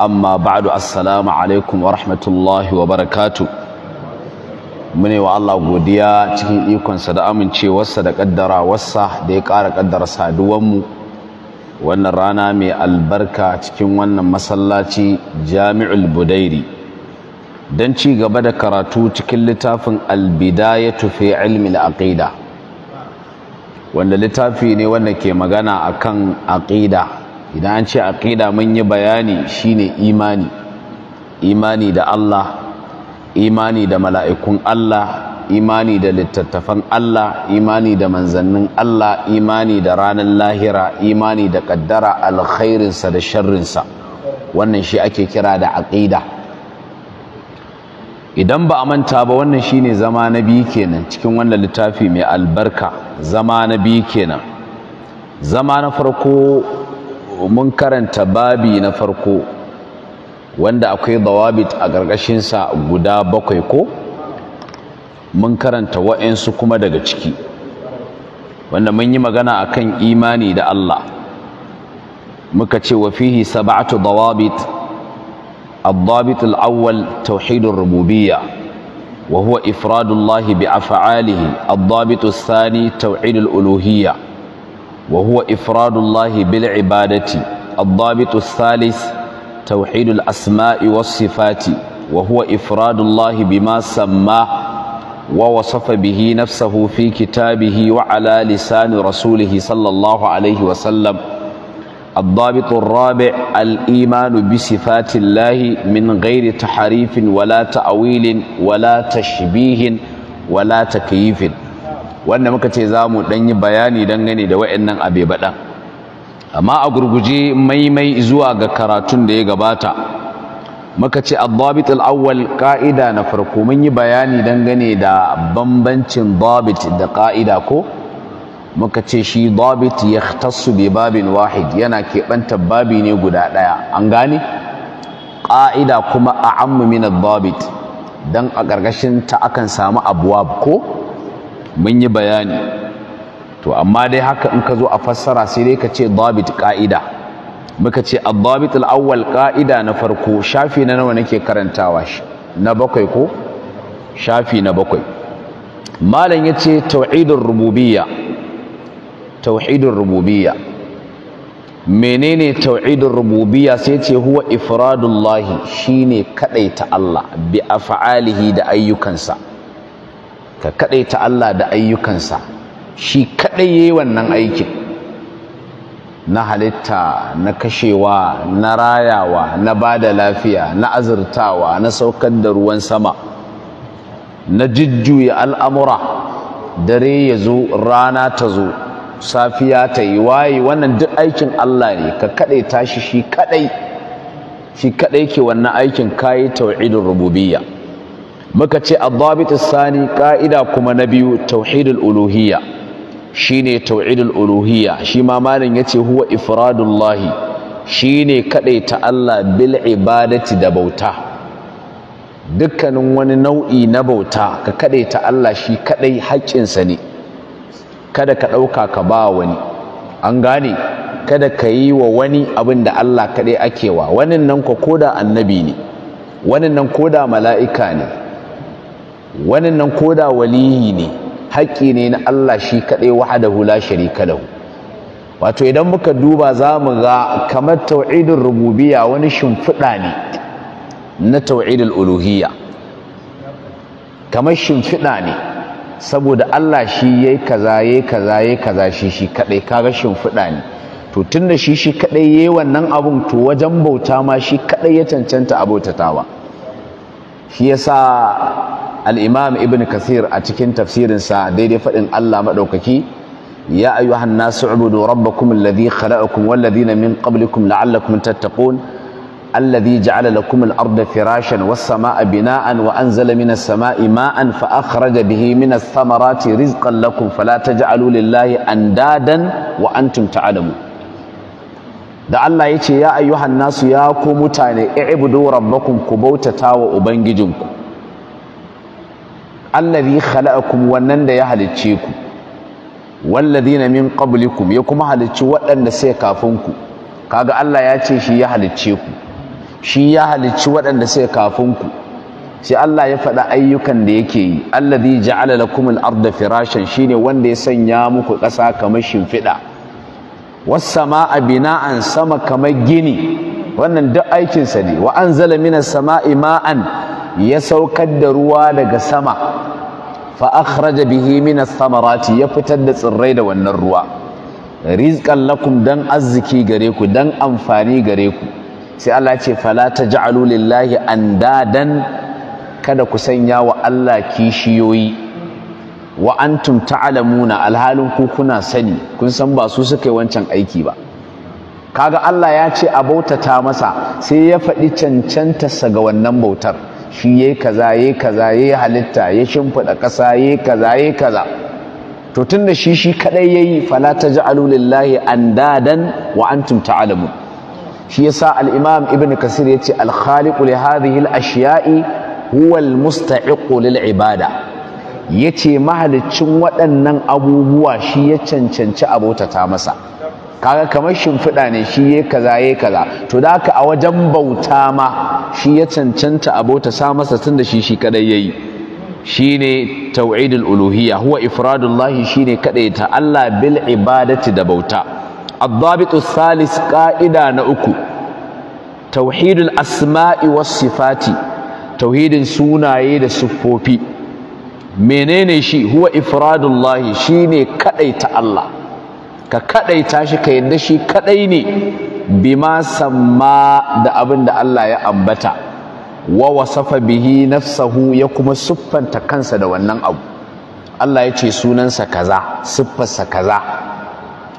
amma ba'du assalamu alaikum wa rahmatullahi wa barakatu mune wa Allah godiya cikin ikonsa da amincewarsa da kaddarawarsa da ya ƙara kaddara saduwanmu wannan rana mai albarka cikin wannan masallaci jami'ul budairi don ci gaba da karatu cikin littafin albidayatu fi ilmi al-aqida wanda littafi ne wanda ke magana akan aqida idan an ce aqida mun yi bayani shine imani imani da Allah imani da mala'ikun Allah imani da littattafan Allah imani da manzannin Allah imani da ranar lahira imani da ƙaddara, alkhairinsa da sharrinsa wannan shi ake kira da aƙida. idan ba a manta ba wannan shine zama na biyu kenan cikin wannan littafi mai albarka zama na biyu kenan zama na farko mun karanta babi na farko wanda akwai dawabit a ƙarƙashinsa guda bakwai ko mun karanta wa'insu kuma daga ciki wanda mun yi magana a kan imani da Allah muka ce wa fihi sab'atu dawabit الضابط الأول توحيد الربوبية وهو إفراد الله بأفعاله الضابط الثاني توحيد الألوهية وهو إفراد الله بالعبادة الضابط الثالث توحيد الأسماء والصفات وهو إفراد الله بما سماه ووصف به نفسه في كتابه وعلى لسان رسوله صلى الله عليه وسلم الضابط الرابع الإيمان بصفات الله من غير تحريف ولا تأويل ولا تشبيه ولا تكييف wanda muka ce za mu ɗanyi bayani dangane da wa'annan abe baɗan amma a gurguje maimai zuwa ga karatun da ya gabata muka ce addabit al'awwal ƙa'ida na farko mun yi bayani dangane da bambancin dabit da ƙa'ida ko muka ce shi dabit ya tasu bi babin wahid yana keɓantar babi ne guda ɗaya an gane ƙa'ida kuma a ammu min dabit don a ƙarƙashin ta akan samu abuwab ko mun yi bayani to amma dai haka in ka zo a fassara sai dai ka ce dabit ka'ida muka ce ad-dabit ka'ida na farko shafi na nawa nake karantawa shi na bakwai ko shafi na bakwai malam yace tauhidur rububiyya tauhidur rububiyya menene tauhidin rububiyya sai ce huwa ifradullahi shine kadaita Allah bi af'alihi da ayyukansa ka kaɗai ta Allah da ayyukansa shi kaɗai yayi wannan aikin na halitta na kashewa na rayawa na ba da lafiya na azurtawa na saukar da ruwan sama na jujjuya al'amura dare ya zo rana ta zo safiya ta yi waye wannan duk aikin Allah ne ka kaɗai tashi shi kaɗai shi kaɗai ke wannan aikin kayi tauhidin rububiyya muka ce ad sani ka'ida kuma na biyu tauhidul uluhiyya shine tauhidul uluhiyya shi ma malin yace huwa ifradullahi shine kadaita Allah bil ibadati da bauta dukkanin wani nau'i na bauta ka kadaita Allah shi kadai haƙƙinsa ne kada ka ɗauka ka ba wani an gane kada ka yi wa wani abin da Allah kaɗai akewa, wannan nan ko koda annabi ne wannan nan koda mala'ika ne Wani nan koda waliyi ne haƙƙi ne na Allah shi kaɗai wahdahu la sharika lahu wato idan muka duba za mu ga kamar tauhidin rububiyya wani shimfiɗa ne na tauhidul uluhiyya kamar shimfiɗa ne saboda Allah shi yayi kaza yayi kaza yayi kaza shi shi kaɗai kaga shimfiɗa ne to tunda shi shi kaɗai yayi wannan abun to wajen bauta ma shi kaɗai ya cancanta a ba. shi yasa al-imam ibn kathir a cikin tafsirinsa daidai fadin Allah maɗaukaki ya ayyuha an-nasu ubudu rabbakum alladhi khalaqakum wal ladina min qablikum la'allakum tattaqun alladhi ja'ala lakum al-arda firashan was samaa bina'an wa anzala min as-samaa'i ma'an fa akhraja bihi min as-samarati rizqan lakum fala taj'alu lillahi andadan wa an ta'lamun ta da Allah ya ce ya ayyuhan nasu ya ku mutane i'budu rabbakum ku bautata wa ubangijinku allazi khalaqakum wannan da ya halicce ku walladina min qablikum ya kuma halicci waɗanda sai kafin ku kaga Allah ya ce shi ya halicce ku shi ya halicci waɗanda sai kafin ku sai Allah ya faɗa ayyukan da yake yi allazi ja'ala lakum al-ardha firashan shine wanda ya sanya muku ƙasa kamar shimfiɗa wasama'a bina'an sama kamar gini wannan duk aikinsa ne wa zala minas sama'i ma'an ya saukar da ruwa daga sama fa akhraja bihi minas samarati ya fitar da tsirrai da wannan ruwa rizqan lakum dan arziki gare ku dan amfani gare ku sai Allah ya ce fala taj'alu lillahi andadan kada ku sanya wa Allah kishiyoyi wa antum ta'lamuna alhalin ku kuna sani kun san ba su suka yi wancan aiki ba kaga Allah ya ce a bautata masa sai ya faɗi cancantarsa ga wannan bautar shi yayi kaza yayi kaza yayi halitta ya shimfiɗa ƙasa yayi kaza yayi kaza to tunda shi shi kadai yayi fala taj'alu lillahi andadan wa antum ta'lamun shi yasa al-imam ibn kasir yace al-khaliqu li hadhihi al-ashiya'i huwa al-musta'iqu lil ibada ya ce mahalicin waɗannan abubuwa shi ya cancanci abotata masa kaga kamar shimfiɗa ne shi ya kaza ya kaza to da a wajen bauta ma shi ya cancanta abota sa masa tun da shi shi kadai ya yi shi ne tau'idul uluhiyya huwa ifradullahi shi ne kadai ta Allah bil ibadati da bauta addabitu salis ƙa'ida na uku tauhidul asma'i was sifati tauhidin sunaye da siffofi menene shi huwa ifradullahi shine kadaita Allah ka kadaita shi ka yadda shi kadai ne bima samma da abin da Allah ya ambata wa wasafa bihi nafsahu ya kuma siffanta kansa da wannan abu Allah ya ce sunansa kaza siffarsa kaza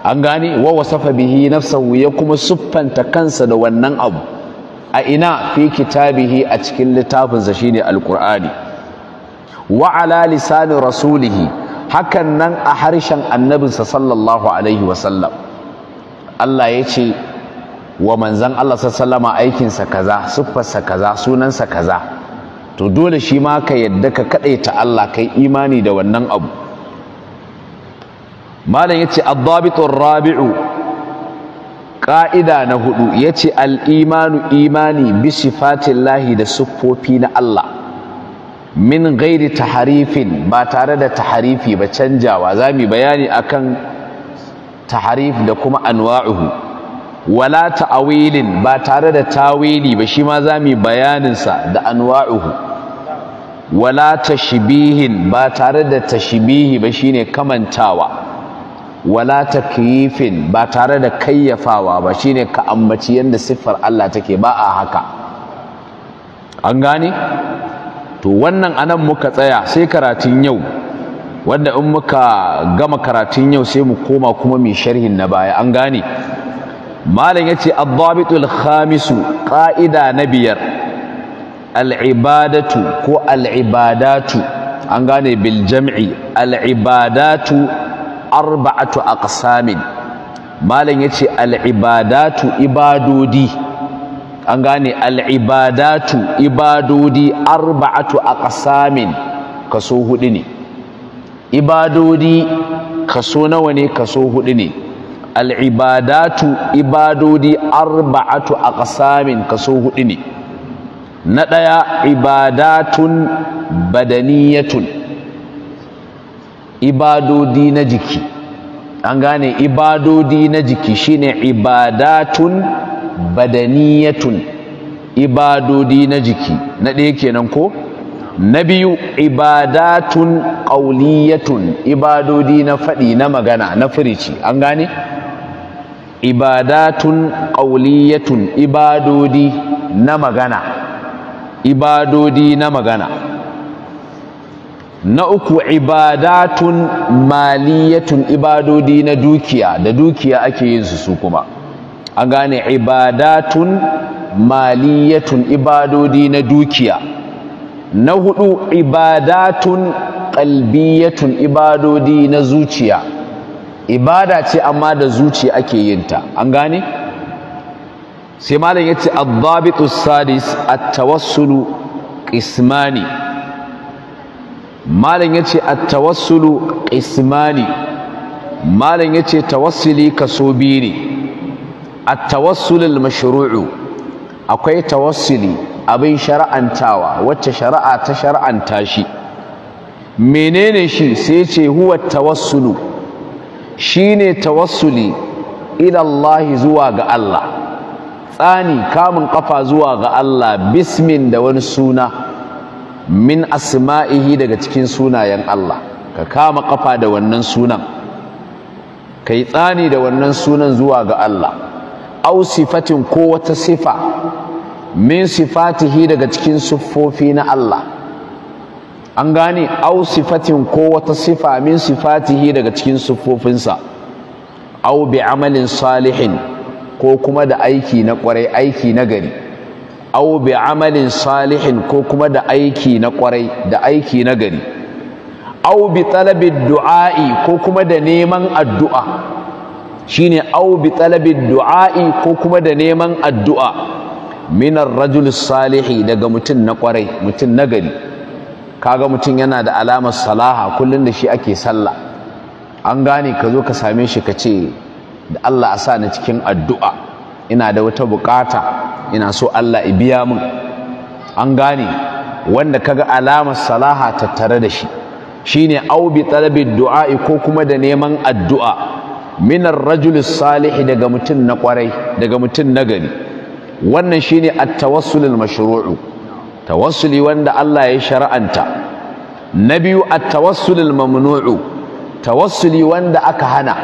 an gane wa wasafa bihi nafsahu ya kuma siffanta kansa da wannan abu a ina fi kitabihi a cikin littafinsa shine alqur'ani wa ala lisani rasulihi hakan nan a harshen annabinsa sallallahu alaihi wasallam Allah ya ce wa manzan Allah sallama aikinsa kaza siffarsa kaza sunansa kaza to dole shi ma ka yadda ka ta Allah kai imani da wannan abu malam yace ad-dabitur rabi'u ƙa'ida na hudu yace al-imanu imani bi sifatillahi da siffofi na Allah min gairi taharifin ba tare da taharifi ba canjawa za mu bayani akan taharif da kuma anwa'uhu wala awilin ba tare da tawili ba shi ma za mu bayaninsa da anwa'uhu wala tashbihin ba tare da tashbihi ba shine kamantawa wala takyifin ba tare da kayyafawa ba shine ka ambaci yanda siffar Allah take ba a haka an gane to wannan anan muka tsaya sai karatun yau wanda in muka gama karatun yau sai mu koma kuma mai sharhin na baya an gane malam yace ad-dabitul khamisu qa'ida na biyar al-ibadatu ko al-ibadatu an gane bil jam'i al-ibadatu arba'atu aqsamin malam yace al-ibadatu ibadodi an gane al'ibadatu ibadodi arba'atu ƙasamin kaso hudu ne ibadodi kaso nawa ne kaso hudu ne al'ibadatu ibadodi arba'atu a ƙasamin kaso hudu ne na ɗaya ibadatun badaniyatun ibadodi na jiki an gane ibadodi na jiki shine ibadatun badaniyatun ibadodi na jiki na ɗaya kenan ko na biyu ibadatun ƙauliyatun ibadodi na faɗi na magana na firici an gane ibadatun ƙauliyatun ibadodi na magana ibadodi na magana na uku ibadatun maliyatun ibadodi na dukiya da dukiya ake yin su su kuma an gane ibadatun maliyatun ibadodi na dukiya na hudu ibadatun kalbiyatun ibadodi na zuciya ibada ce amma da zuciya ake yin ta an gane sai malam ya ce dabitu sadis at-tawassulu qismani malam ce at-tawassulu qismani malam ya ce tawassuli kaso biyu ne A tawassulul mashru'u akwai tawassuli abin shar'antawa wacce shari'a ta shar'anta shi menene shi sai ce huwa tawassulu shine tawassuli ila Allah zuwa ga Allah tsani kamun kafa zuwa ga Allah bismin da wani suna min asma'ihi daga cikin sunayen Allah ka kama kafa da wannan sunan kai tsani da wannan sunan zuwa ga Allah au sifatin ko wata sifa min sifatihi daga cikin siffofi na Allah an gane au sifatin ko wata sifa min sifatihi daga cikin siffofinsa au bi amalin salihin ko kuma da aiki na kwarai aiki na gari au bi amalin salihin ko kuma da aiki na kwarai da aiki na gari au bi talabi du'a'i ko kuma da neman addu'a shine au bi talabi du'a'i ko kuma da neman addu'a ar rajul salihi daga mutum na kwarai mutum na gari kaga mutum yana da alamar salaha kullum da shi ake sallah an gane ka zo ka same shi ka ce da Allah a sa ni cikin addu'a ina da wata bukata ina so Allah i biya min an gane wanda kaga alamar salaha tattare da shi shine au bi talabi du'a'i ko kuma da neman addu'a minar rajulis salihi daga mutum na kwarai daga mutum na gari wannan shine at-tawassulul mashru'u tawassuli wanda Allah ya shara'anta na biyu at-tawassulul mamnu'u tawassuli wanda aka hana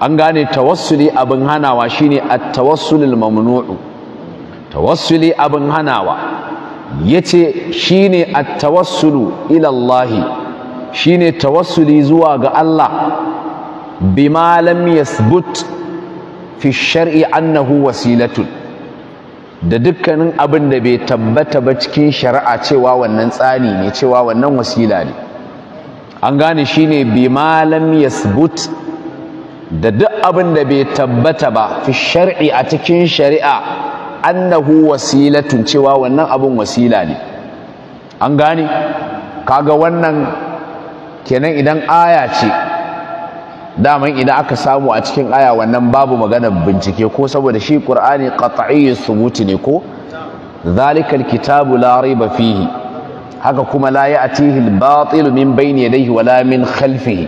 an gane tawassuli abin hanawa shine at-tawassulul mamnu'u tawassuli abin hanawa yace shine at-tawassulu ila Allah shine tawassuli zuwa ga Allah bima lam yasbut fi shar'i annahu wasilatun da dukkanin abin da bai tabbata ba cikin shari'a cewa wannan tsani ne cewa wannan wasila ne an gane shine bima lam yasbut da duk abin da bai tabbata ba fi shar'i a cikin shari'a annahu wasilatun cewa wannan abin wasila ne an gane kaga wannan kenan idan aya ce daman idan aka samu a cikin aya wannan babu maganar bincike ko saboda shi qur'ani qat'iyyus subuti ne ko zalikal kitabu la raiba fihi haka kuma la ya'tihi al-batil min bayni yadayhi wala min khalfihi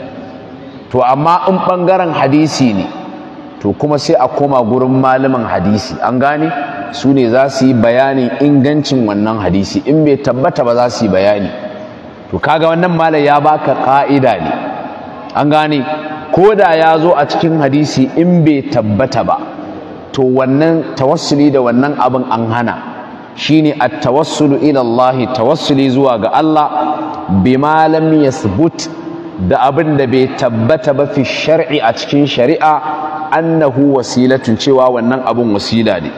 to amma in bangaren hadisi ne to kuma sai a koma gurin malaman hadisi an gane su ne za su yi bayanin ingancin wannan hadisi in bai tabbata ba za su yi bayani to kaga wannan malam ya baka ka'ida ne an gane ko da ya zo a cikin hadisi in bai tabbata ba to wannan tawassuli da wannan abin an hana shine at-tawassulu ila Allah tawassuli zuwa ga Allah bima lam yasbut da abin da bai tabbata ba fi shar'i a cikin shari'a annahu wasilatun cewa wannan abin wasila ne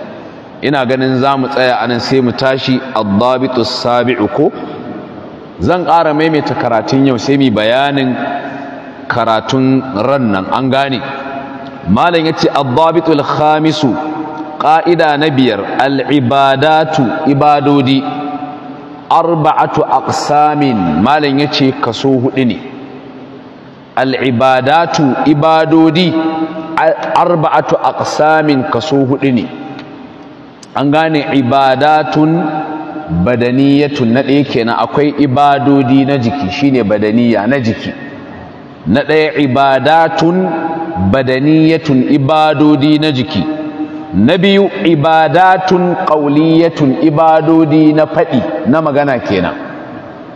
ina ganin za mu tsaya anan sai mu tashi a sabiu ko zan ƙara maimaita karatun yau sai mu bayanin karatun ran nan an gane malam yace ad khamisu ƙa'ida na biyar al-ibadatu ibadodi arba'atu aqsamin malam yace kaso hudu ne al-ibadatu ibadodi arba'atu aqsamin kaso hudu ne an gane ibadatun badaniyatun na ɗaya kenan akwai ibadodi na jiki shine badaniya na jiki na ɗaya ibadatun badaniyatun ibadodi na jiki na biyu ibadatun ƙauliyatun ibadodi na faɗi na magana kenan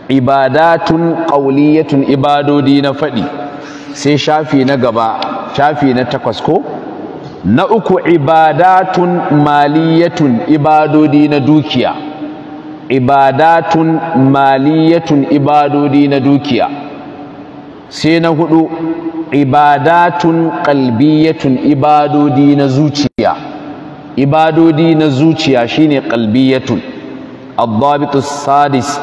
ibadatun ƙauliyatun ibadodi na faɗi sai shafi na gaba shafi na takwas ko na uku ibadatun maliyatun ibadodi na dukiya ibadatun maliyatun ibadodi na dukiya sai na hudu ibadatun qalbiyatun ibadodi na zuciya ibadodi na zuciya shine qalbiyatun ad sadis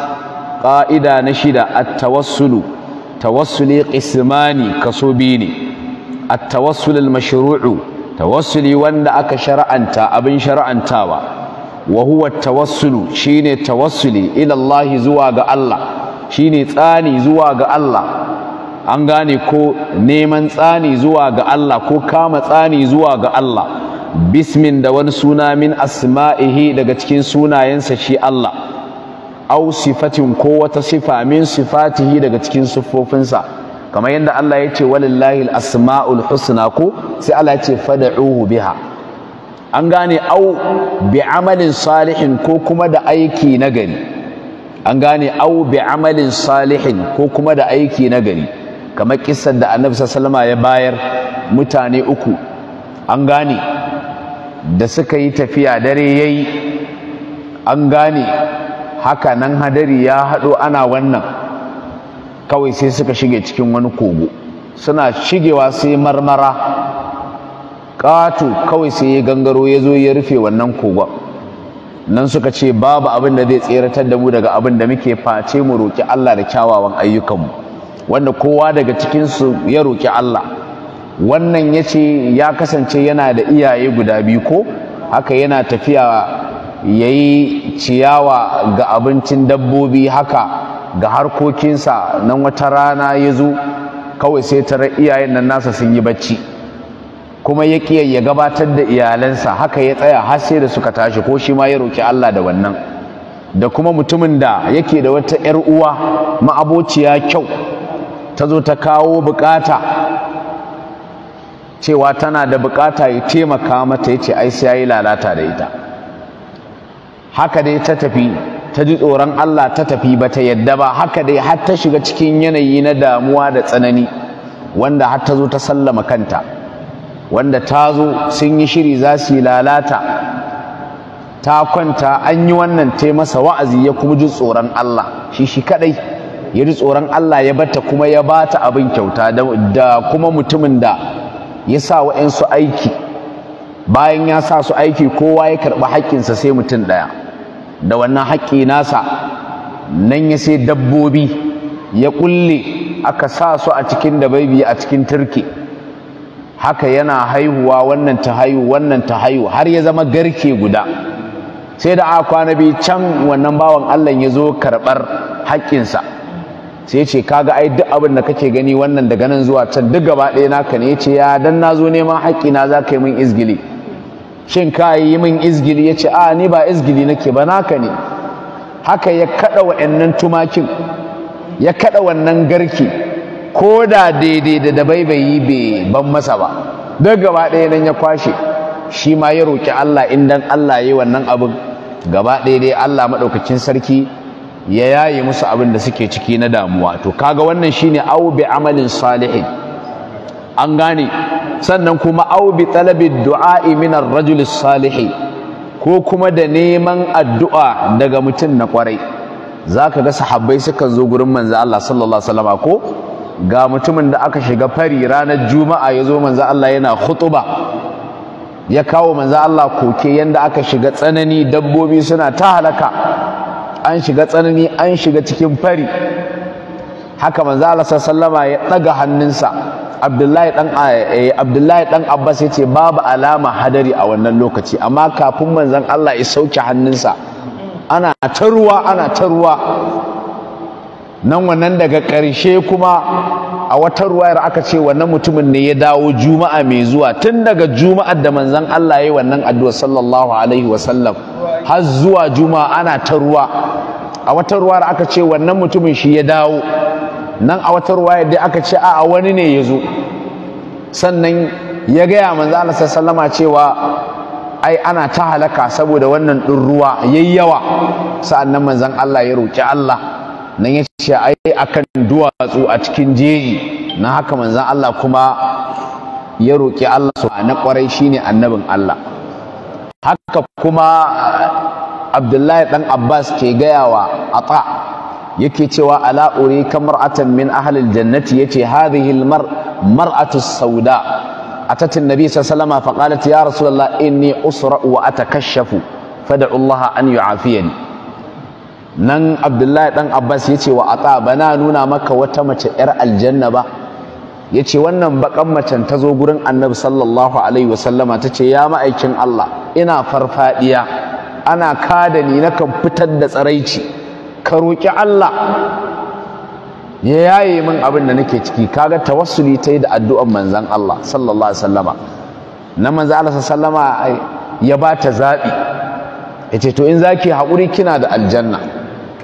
qa'ida na shida at-tawassulu tawassuli qismani kaso ne at-tawassul al-mashru'u tawassuli wanda aka shar'anta abin shar'antawa wa huwa at-tawassulu shine tawassuli ila Allah zuwa ga Allah shine tsani zuwa ga Allah an gane ko neman tsani zuwa ga Allah ko kama tsani zuwa ga Allah bismin da wani suna min asma'ihi daga cikin sunayensa shi Allah au sifatin ko wata sifa min sifatihi daga cikin siffofinsa kamar yadda Allah ya ce walillahi asmaul husna ko sai Allah ya ce fad'uhu biha an gane au bi amalin salihin ko kuma da aiki nagari an gane au bi amalin salihin ko kuma da aiki nagari kamar kissar da annabi sallama ya bayar mutane uku an gane da suka yi tafiya dare yayi an gane haka nan hadari ya haɗo ana wannan kawai sai suka shige cikin wani kogo suna shigewa sai marmara ƙato kawai sai ya gangaro ya zo ya rufe wannan kogon nan suka ce babu abin da zai tseratar da mu daga abin da muke face mu roƙi Allah da kyawawan ayyukanmu wanda kowa daga cikinsu ya roƙi Allah wannan ya ce ya kasance yana da iyaye guda biyu ko haka yana tafiya ya yi ciyawa ga abincin dabbobi haka ga harkokinsa nan wata rana ya zo kawai sai tara iyayen nan nasa sun yi bacci kuma ya ya gabatar da iyalansa haka ya tsaya har sai da suka tashi ko shi ma ya roƙi Allah da wannan da kuma mutumin da yake da wata 'yar uwa ma'abociya kyau ta zo ta kawo bukata cewa tana da bukata ya taimaka mata ya ce ai sai ya yi lalata da ita haka dai ta tafi ta ji tsoron Allah ta tafi ba ta yadda ba haka dai har ta shiga cikin yanayi na damuwa da tsanani wanda har ta zo ta sallama kanta wanda ta zo sun yi shiri za su yi lalata ta kwanta an yi wannan taimasa wa'azi ya kuma ji tsoron Allah shi shi kadai ya ji tsoron Allah ya bata kuma ya bata abin kyauta da kuma mutumin da ya sa wa'ansu aiki bayan ya sa su aiki kowa ya karɓi haƙƙinsa sai mutum ɗaya da wannan haƙƙi nasa nan ya sai dabbobi ya ƙulle aka sa su a cikin dabaibi a cikin turke haka yana haihuwa wannan ta haihu wannan ta haihu har ya zama garke guda sai da aka kwana biyu can wannan bawan Allah ya zo karɓar haƙƙinsa sai ce kaga ai duk abin da kake gani wannan daga nan zuwa can duk gaba ɗaya naka ne yace ya dan nazo neman haƙƙi na zaka yi min izgili shin ka yi min izgili yace a ni ba izgili nake ba naka ne haka ya kada wa'annan tumakin ya kada wannan garki ko da daidai da dabaibayi bai ban masa ba duk gaba ɗaya nan ya kwashe shi ma ya roki Allah in dan Allah yi wannan abin gaba ɗaya dai Allah madaukakin sarki ya yaye musu abin da suke ciki na damuwa to kaga wannan shine aw bi amalin salihin an gane sannan kuma aw bi talabi du'a'i min ar-rajul salihi ko kuma da neman addu'a daga mutum na kwarai zaka ga sahabbai suka zo gurin manzo Allah sallallahu alaihi wasallam ko ga mutumin da aka shiga fari ranar juma'a ya zo manzo Allah yana khutuba ya kawo manzo Allah koke yanda aka shiga tsanani dabbobi suna ta halaka an shiga tsanani an shiga cikin fari haka manzo Allah sallama ya daga hannunsa Abdullahi dan eh, Abdullahi dan Abbas yace babu alama hadari a wannan lokaci amma kafin manzon Allah ya sauke hannunsa ana ta ruwa ana ta ruwa nan wannan daga ƙarshe kuma a wata ruwayar aka ce wannan mutumin ne ya dawo juma'a mai zuwa tun daga juma'ar da manzon Allah ya yi wannan addu'a sallallahu alaihi wasallam har zuwa juma'a ana ta ruwa a wata ruwayar aka ce wannan mutumin shi ya dawo nan a wata ruwayar dai aka ce a'a wani ne ya zo sannan ya gaya manzo Allah sallama cewa ai ana ta halaka saboda wannan ɗin ruwa yayi yawa nan manzon Allah ya roki Allah nan ya ce ai akan duwatsu a cikin jeji na haka manzan Allah kuma ya roƙi Allah su na ƙwarai shine annabin Allah haka kuma Abdullahi Ɗan Abbas ke gayawa ata yake cewa ala uri atamin min ahlil jannati yace hadhihi almar mar'atu sauda أتت النبي صلى الله عليه وسلم inni يا رسول الله إني أسرأ وأتكشف فدعوا nan abdullahi dan abbas ya ce wa ata bana nuna maka wata mace yar aljanna ba ya ce wannan bakan macen ta zo gurin annabi sallallahu alaihi wasallama ta ce ya ma'aikin allah ina farfadiya ana kada ni na kan fitar da tsaraici ka roƙi allah ya yaye min abin da nake ciki kaga tawassuli ta yi da addu'an manzan allah sallallahu alaihi wasallama na manzan allah sallama ya ba ta zaɓi ya ce to in zaki haƙuri kina da aljanna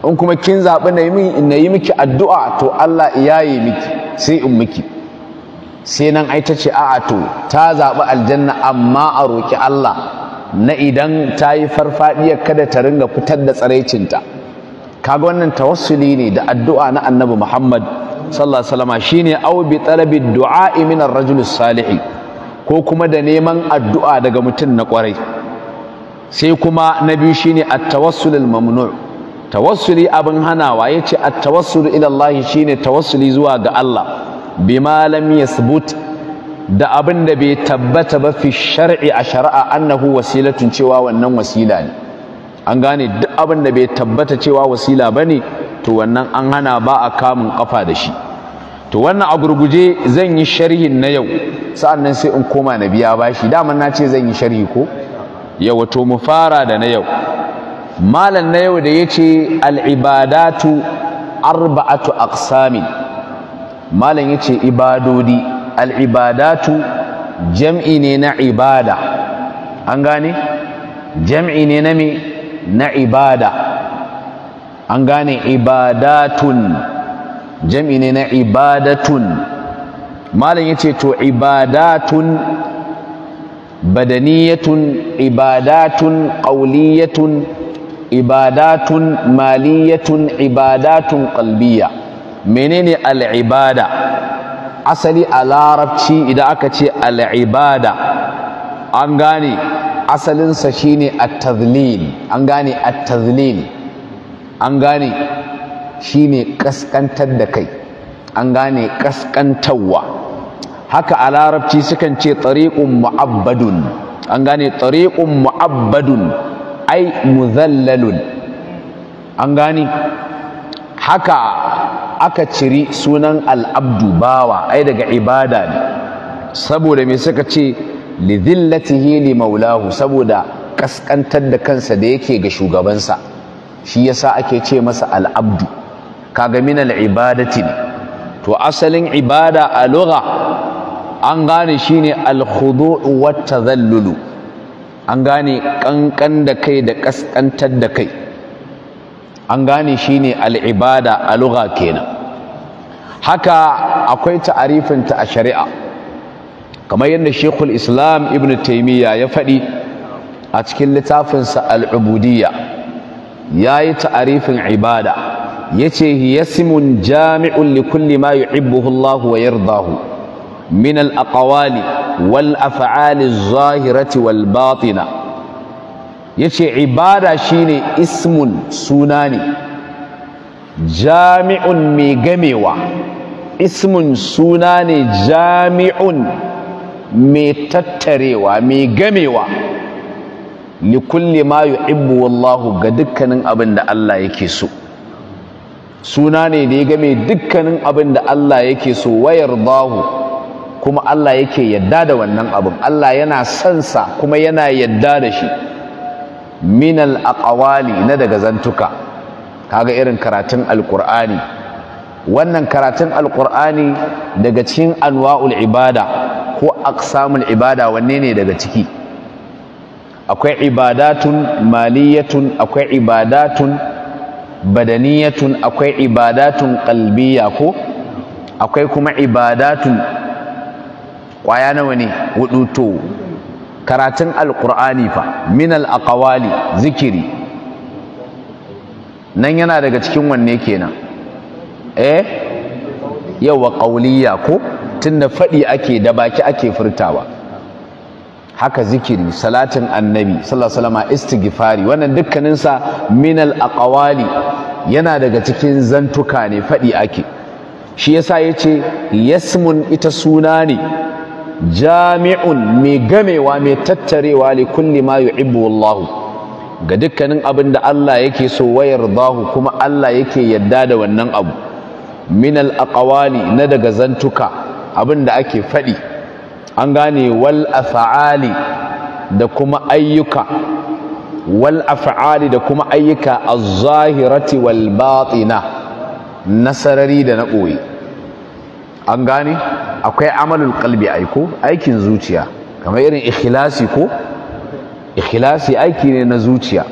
in kuma kin zaɓi na yi miki addu'a to Allah ya yi miki sai in miki sai nan ai ta ce a'a to ta zaɓi aljanna amma a roƙi Allah na idan ta yi farfaɗiyar kada ta ringa fitar da tsaraicinta kaga wannan tawassuli ne da addu'a na annabi Muhammad sallallahu alaihi wasallam shine aw bi talabi du'a min ar-rajul ko kuma da neman addu'a daga mutum na kwarai sai kuma na biyu shine at-tawassul al-mamnu' tawassuli abin hanawa yace ce tawassul ilallahi shi shine tawassuli zuwa ga Allah bima lam yasbut da abin da bai tabbata ba fi shar'i a shari'a annahu wasilatun cewa wannan wasila ne an gane duk abin da bai tabbata cewa wasila bane to wannan an hana ba a kamun kafa da shi to wannan a gurguje zan yi sharhin na yau sa'annan sai in koma na biya bashi daman na ce zan yi sharhi ko yawa mu fara da na yau malam na yau da ya ce al'ibadatu arba'atu aqsamin malam ya ce ibadodi al'ibadatu jam'i ne na ibada an gane jam'i ne na me na ibada an gane ibadatun jam'i ne na ibadatun malam ya ce to ibadatun badaniyatun ibadatun ƙauliyatun ibadatun maliyatun ibadatun qalbiyya menene al'ibada asali a larabci idan aka ce al'ibada an gane asalinsa shine at-tadhlil an gane at-tadhlil an gane shine kaskantar da kai an gane kaskantarwa haka a larabci sukan ce tariqun mu'abbadun an gane tariqun mu'abbadun ai muzallalun an gani haka aka ciri sunan al'abdu bawa ai daga ibada ne saboda me suka ce li zillatihi li maulahu saboda kaskantar da kansa da yake ga shugabansa shi yasa ake ce masa al'abdu kaga min al'ibadati ne to asalin ibada a lugha an gane shine al-khudu' wa tadhallulu an gane ƙanƙan da kai da ƙasƙantar da kai an gane shine al'ibada a luga kenan haka akwai ta'arifinta a shari'a kamar yadda shekul islam ibn taimiyya ya faɗi a cikin littafinsa al'ubudiyya ya yi ta'arifin ibada ya ce yasimun jami'un likulli ma yuhibbuhu wa yardahu min al'aqawali wal af'ali zahirati wal Ya yace ibada shine ismun suna ne jami'un mai gamewa ismun suna ne jami'un mai tattarewa mai gamewa likulli kulli ma Ibu wallahu ga dukkanin abin da Allah yake so suna ne da ya game dukkanin abin da Allah yake so wayar zahu. kuma Allah yake yadda da wannan abin Allah yana son sa kuma yana yadda da shi minal aqwali na daga zantuka kaga irin karatun alqur'ani wannan karatun alqur'ani daga cikin anwa'ul ibada ko samun ibada wanne ne daga ciki akwai ibadatun maliyyatun, akwai ibadatun badaniyatun akwai ibadatun qalbiyya ko akwai kuma ibadatun Kwaya nawa ne hudu to karatun Alkur'ani fa min al'aƙawali zikiri nan yana daga cikin wanne kenan eh yawa ƙauliya ko tunda faɗi ake da baki ake furtawa haka zikiri salatin annabi sallallahu alaihi istighfari wannan dukkaninsa min aƙawali yana daga cikin zantuka ne faɗi ake shi yasa yace yasmun ita suna ne jami'un mai gamewa mai tattarewa li kulli ma yuhibbu Allah ga dukkanin abin da Allah yake so wayar dahu kuma Allah yake yadda da wannan abu min al aqwali na daga zantuka abin da ake faɗi an gane wal af'ali da kuma ayyuka wal af'ali da kuma ayyuka az-zahirati wal batina nasarari da na ɓoye an gane akwai amalul kalbi aiko aikin zuciya kamar irin Ikhilasi ko Ikhilasi aiki ne na zuciya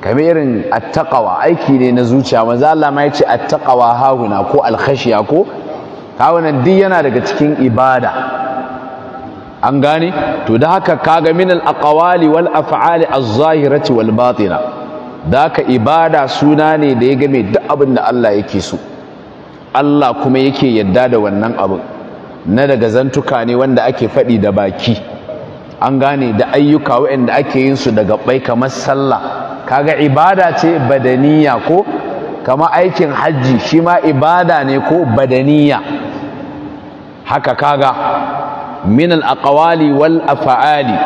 kamar irin attaqawa aiki ne na zuciya maza Allah ma yace attaqawa hahuna ko alkhashiya ko hawunan duk yana daga cikin ibada an gane to da haka kaga min al-aqwali wal af'ali az-zahirati wal batina da haka ibada suna ne da ya game duk abin da Allah yake so Allah kuma yake yadda da wannan abin na daga zantuka ne wanda ake faɗi da baki an gane da ayyuka waɗanda ake yin su daga bai kamar sallah kaga ibada ce badaniya ko kama aikin hajji shi ma ibada ne ko badaniya haka kaga min al-aqwali wal af'ali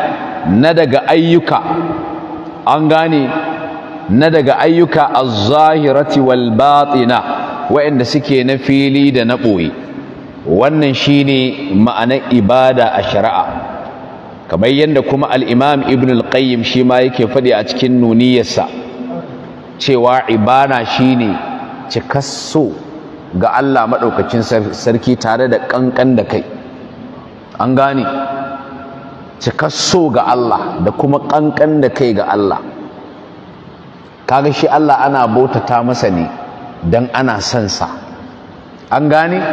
na daga ayyuka an gane na daga ayyuka az-zahirati wal batina waɗanda suke na fili da na ɓoye wannan shine ma'anar ibada a shari'a kamar yadda kuma al-imam ibn al-qayyim shi yake faɗi a cikin nuniyarsa cewa ibada shine cikasso ga Allah maɗaukacin sarki tare da ƙanƙan da kai an gane cikasso ga Allah da kuma ƙanƙan da kai ga Allah kaga shi Allah ana bautata masa ne don ana son sa an gane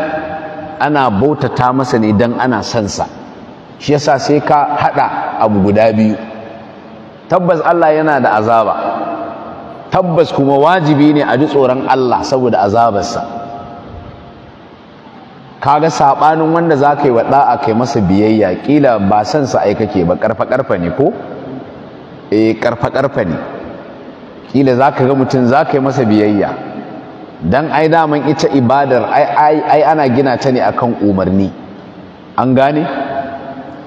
ana bautata masa ne don ana sansa sa shi yasa sai ka hada abu guda biyu tabbas Allah yana da azaba tabbas kuma wajibi ne a ji tsoron Allah saboda azabarsa ga saɓanin wanda za ka yi wa da'a kai masa biyayya kila ba san sa ai kake ba karfa karfa ne ko eh karfa karfa ne kila za ka ga mutum za ka yi masa biyayya dan ai daman ita ibadar ai ana gina ta ne akan umarni an gane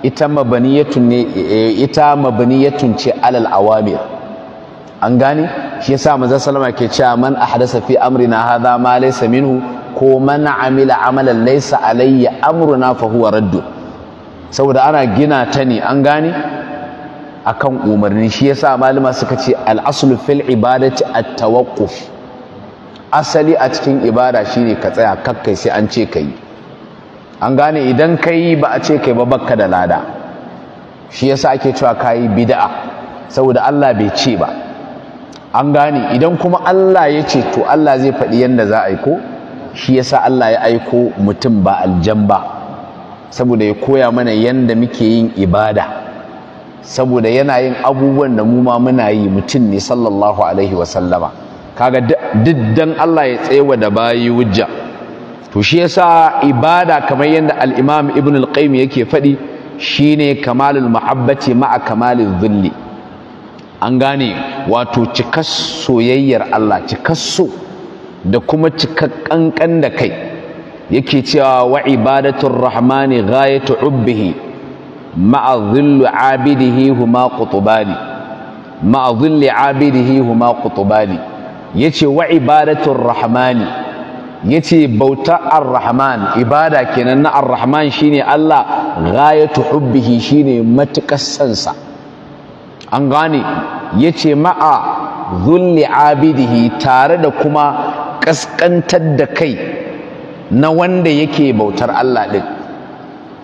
ita mabaniyatun ne e, ita mabaniyatun ce alal awamir an gane shi yasa manzon sallama ke cewa man ahdasa fi amrina hadha ma laysa minhu ko man amila amalan laysa alayya amruna fa huwa raddu saboda ana gina ta ne an gane akan umarni shi yasa malama suka ce al aslu fil ibadati at tawaqquf asali a cikin ibada shine ka tsaya kakkai sai an ce kai an gane idan kai ba a ce kai ba bakka da lada shi yasa ake cewa kayi bida'a saboda Allah bai ce ba an gane idan kuma Allah ya ce to Allah zai faɗi yanda za a yi ko shi yasa Allah ya aiko mutum ba aljan ba saboda ya koya mana yanda muke yin ibada saboda yana yin abubuwan da mu ma muna yi mutum ne sallallahu alaihi wasallama kaga diddan Allah ya tsewa da bayi wujja to shi yasa ibada kamar yadda al-Imam Ibn al-Qayyim yake fadi shine kamalul muhabbati, ma'a kamalul dhilli an gane wato cikas soyayyar Allah cikas so da kuma cikar kankan da kai yake cewa wa ibadatur rahmani ghayatu ubbihi ma'a dhillu abidihi huma qutbani ma'a dhilli abidihi huma qutbani yace wa ibadatun rahmani yace bauta ar-rahman ibada kenan na ar-rahman shine Allah ghayatu hubbihi shine matuƙar sansa an gane yace ma'a zulli abidihi tare da kuma kaskantar da kai na wanda yake bautar Allah ɗin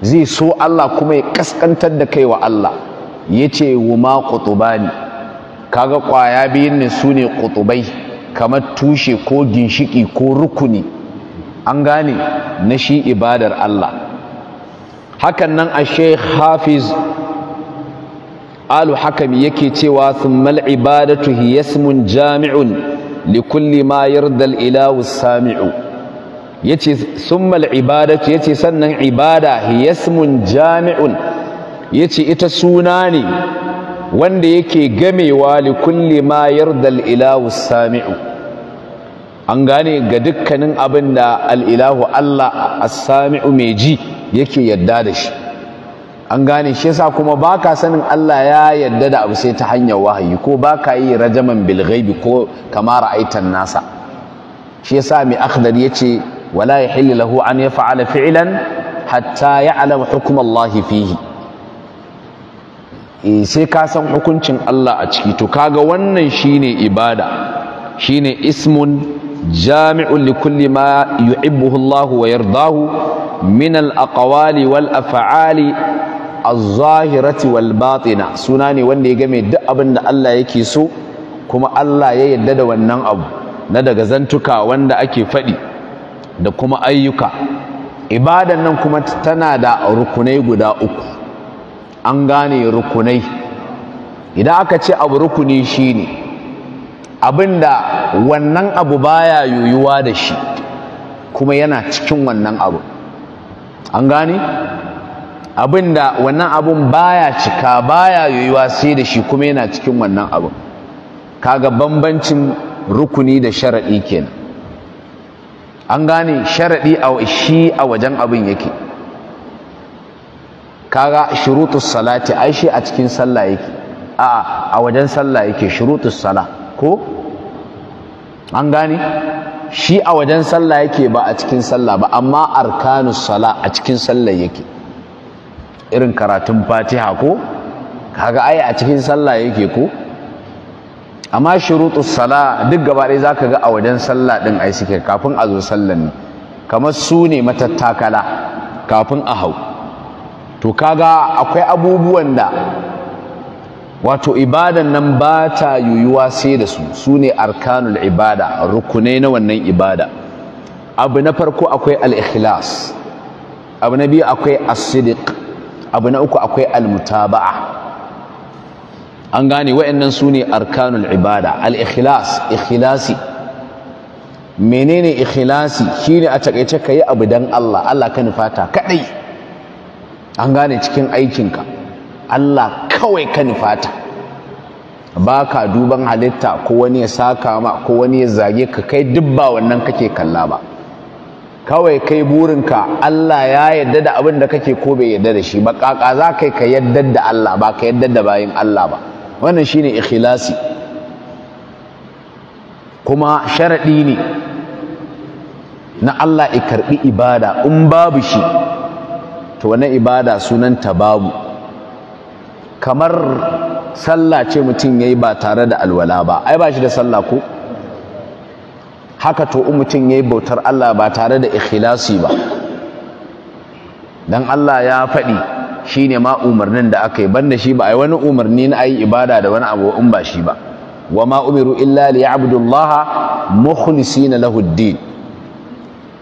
zai so Allah kuma ya kaskantar da kai wa Allah yace wuma qutubani kaga kwaya biyun ne sune qutubai kamar tushe ko ginshiki ko rukuni an gane na shi ibadar Allah hakan nan a sheikh hafiz alu hakami yake cewa mal ibadatu hiya jami'un li likulli ma yarda al-ilahu sami'u yace mal ibadatu yace sannan ibada hiyasmun jami'un yace ita suna ne wanda yake gamewa li kulli ma yardal ilahu sami'u an gane ga dukkanin abin da al'ilahu Allah as-sami'u mai ji yake yadda da shi an gane shi yasa kuma baka sanin Allah ya yadda da abu sai ta hanyar wahayi ko baka yi rajaman bil ghaibi ko kama ra'aitan nasa shi yasa mai akhdar yace wala yahillu lahu an yaf'ala fi'lan hatta ya'lam hukm Allah fihi Eh, sai ka san hukuncin Allah a ciki to kaga wannan shine ibada shine ismun jami'un li kulli ma yuhibbuhu Allah wa yardahu min al-aqwali wal af'ali az-zahirati wal batina suna ne wanda ya game duk abin da Allah yake so kuma Allah ya yarda da wannan abu na daga zantuka wanda ake faɗi da kuma ayyuka ibadan nan kuma tana da rukunai guda uku an gane rukunai idan aka ce abu rukuni shine abinda wannan abu baya yuyuwa da shi kuma yana cikin wannan abu an gane abinda wannan abun baya cika baya yoyuwa sai da shi kuma yana cikin wannan abu kaga bambancin rukuni da sharaɗi kenan an gane sharaɗi a shi a wajen abin yake kaga shurutus salati ai shi a cikin sallah yake a a wajen sallah yake shurutus sala ko an gane shi a wajen sallah yake ba a cikin sallah ba amma arkanus salah a cikin sallah yake irin karatun fatiha ko kaga ai a cikin sallah yake ko amma shurutus sala duk gaba ɗaya zaka ga a wajen sallah din ai suke kafin a zo sallan ne kamar su ne matattakala kafin a hau to kaga akwai abubuwan da wato ibadan nan ba ta yuyuwa sai da su su ne arkanul ibada rukunai na wannan ibada abu na farko akwai al-ikhlas abu na biyu akwai as abu na uku akwai al-mutaba'a an gane wa'annan su ne arkanul ibada al-ikhlas ikhlasi menene ikhlasi ne a takaice kayi abu dan Allah Allah ka nufata kaɗai. an gane cikin aikinka Allah kawai ka nufata ba ka duban halitta ko wani ya saka ma ko wani ya zage ka kai dubba wannan kake kalla ba kawai kai burinka Allah ya yadda da abin da kake ko bai yadda da shi ba kaka za kai ka yadda da Allah ba ka yadda da bayin Allah ba wannan shine ikhlasi kuma Sharaɗi ne na Allah ya karbi ibada in babu shi to wannan ibada sunan ta babu kamar sallah ce mutum yayi ba tare da alwala ba ai ba shi da sallah ko haka to in mutum yayi bautar Allah ba tare da ikhlasi ba dan Allah ya faɗi shine ma umarnin da aka yi banda shi ba ai wani umarni na ayi ibada da wani abu in ba shi ba wa ma umiru illa liya'budu Allah mukhlisina lahu din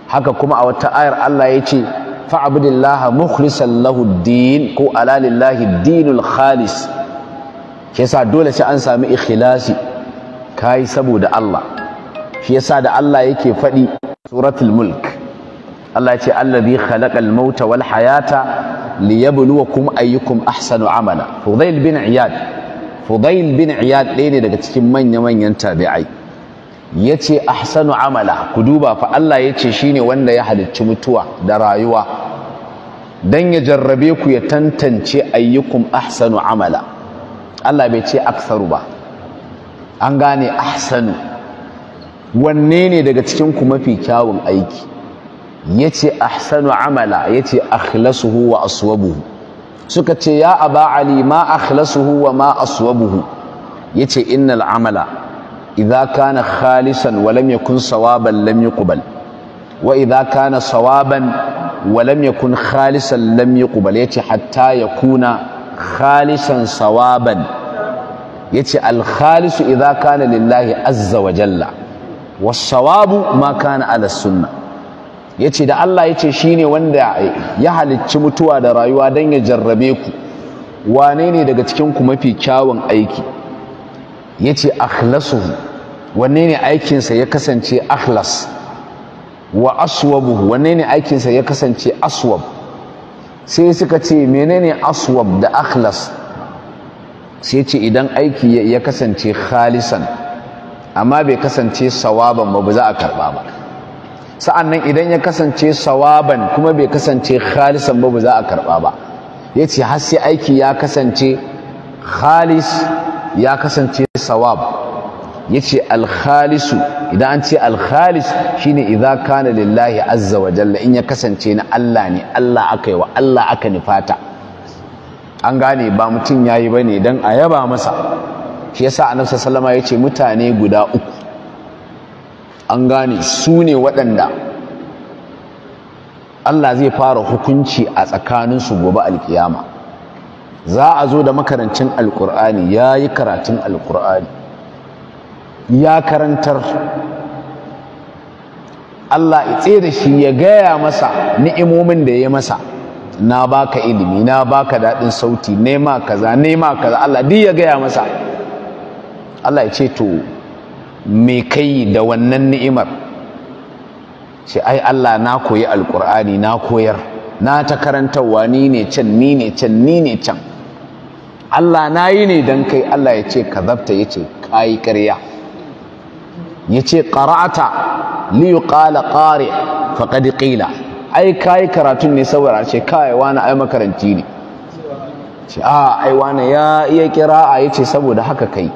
haka kuma a wata ayar Allah ya ce fa'abudillaha mukhlisan lahu din ko alalillahi dinul khalis shi yasa dole sai an sami ikhlasi kai saboda Allah shi yasa da Allah yake faɗi suratul mulk Allah ce allazi khalaqal mauta wal hayata liyabluwakum ayyukum ahsanu amala Fudail bin Iyad Fudail bin Iyad ɗaya ne daga cikin manya-manyan tabi'ai Yace ce ahsanu amala ku duba fa Allah ya ce shi ne wanda ya halicci mutuwa da rayuwa Dan ya jarrabe ku ya tantance ayyukum ahsanu amala Allah bai ce aksaru ba an gane ahsanu wanne ne daga cikin ku mafi kyawun aiki Yace ce ahsanu amala Yace ce akhlasuhu wa aswabuhu suka ce ya aba ali ma akhlasuhu wa ma aswabuhu Yace ce innal amala idza kana khalisan wa lam yakun sawaban lam yuqbal wa idza kana sawaban wa lam yakun khalisan lam yuqbal yace hatta yakuna khalisan sawaban yace al khalisu kana lillahi azza wa jalla was sawabu ma kana ala sunnah yace da Allah yace shine wanda ya halicci mutuwa da rayuwa dan ya jarrabe ku wanene daga cikin ku mafi kyawun aiki ya ce akhlasuhu wanne ne aikinsa ya kasance akhlas wa aswabuhu wanne ne aikinsa ya kasance aswab sai suka ce menene aswab da akhlas sai ce idan aiki ya kasance khalisan amma bai kasance sawaban ba ba za a karba ba sa'an nan idan ya kasance sawaban kuma bai kasance khalisan ba ba za a karba ba ya ce har sai aiki ya kasance khalis ya kasance sawab yace alkhalisu idan an ce alkhalis shine idza kana lillahi azza wa jalla in ya kasance na Allah ne Allah aka yi wa Allah aka nifata an gane ba mutum yayi bane dan a yaba masa shi yasa annabi salama ya yace mutane guda uku an gane su ne waɗanda Allah zai fara hukunci a tsakaninsu gobe alkiyama za a zo da makarancin alkur'ani ya yi karatun alkur'ani ya karantar Allah itse da shi ya gaya masa ni'imomin da ya masa na baka ilimi na baka daɗin sauti nema kaza nema kaza Allah duk ya gaya masa Allah ya ce to me kai da wannan ni'imar ce ai Allah na koyi alkur'ani na koyar na ta karantarwa ni ne can ni ne can ni ne can Allah na yi ne don kai Allah ya ce ka zabta, ya ce kayi ƙarya ya ce ƙara'ata liyu ƙala ƙare faƙad ƙila ai kayi karatun ne saboda ce kawai wani ai makaranti ne ce a ai wani ya iya a ya ce saboda haka kai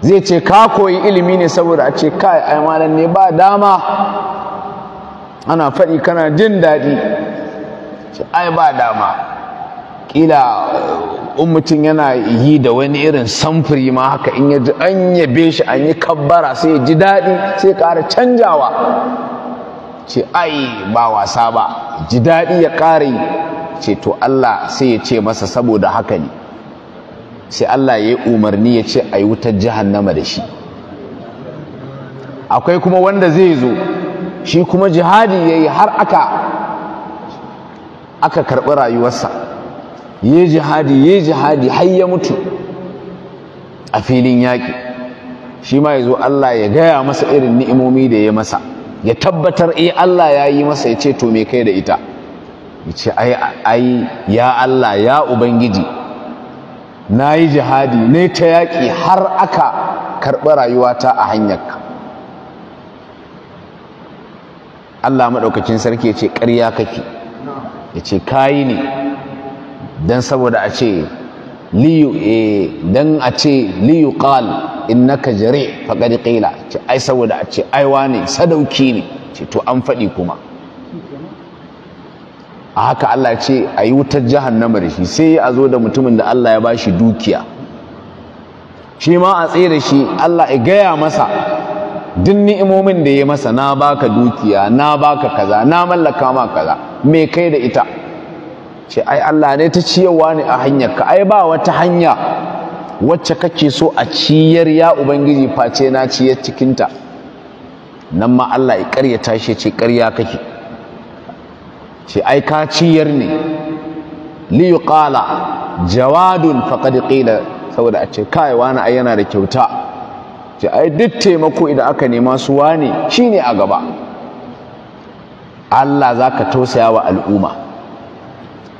zai ce ka koyi ilimi ne saboda a ce kai ai malam ne ba dama ana faɗi kana jin daɗi ce ai ba dama kila in mutum yana yi da wani irin samfuri ma haka in ya ji an yabe shi an yi kabbara sai ya ji daɗi sai ƙara canjawa ce ai ba wasa ba ji daɗi ya ƙara ce to Allah sai ya ce masa saboda haka ne sai Allah ya yi umarni ya ce a yi wutar nama da shi akwai kuma wanda zai zo shi kuma jihadi ya yi har aka aka karɓi rayuwarsa yi jihadi yi jihadi har ya mutu a filin yaƙi shi ma ya zo Allah ya gaya masa irin ni'imomi da ya masa ya tabbatar eh Allah ya yi masa ya ce to me kai da ita ya ce ai ai ya Allah ya ubangiji na yi jihadi ne ta yaƙi har aka karɓi rayuwata a hanyarka Allah maɗaukacin sarki ya ce ƙarya kake ya ce kayi ne dan saboda a ce liyu eh, don a ce liyu qal innaka jari qad qila ce ai saboda a ce ai wane sadauki ne ce to an faɗi kuma a haka Allah ce a yi wutar jahannama da shi sai a zo da mutumin da Allah ya bashi dukiya shi ma a tsere shi Allah ya gaya masa duk ni'imomin da ya masa na baka dukiya na baka kaza na mallaka ma kaza me kai da ita ce ai Allah ne ta ciyarwa ne a hanyar ka ai ba wata hanya wacce kake so a ciyar ya ubangiji face na ciyar cikinta nan ma Allah ya karyata shi ce karya kake ce ai ka ciyar ne li yuqala jawadun faqad qila saboda a ce kai wani ai yana da kyauta ce ai duk taimako idan aka nema su wani shine a gaba Allah zaka tausaya wa al'umma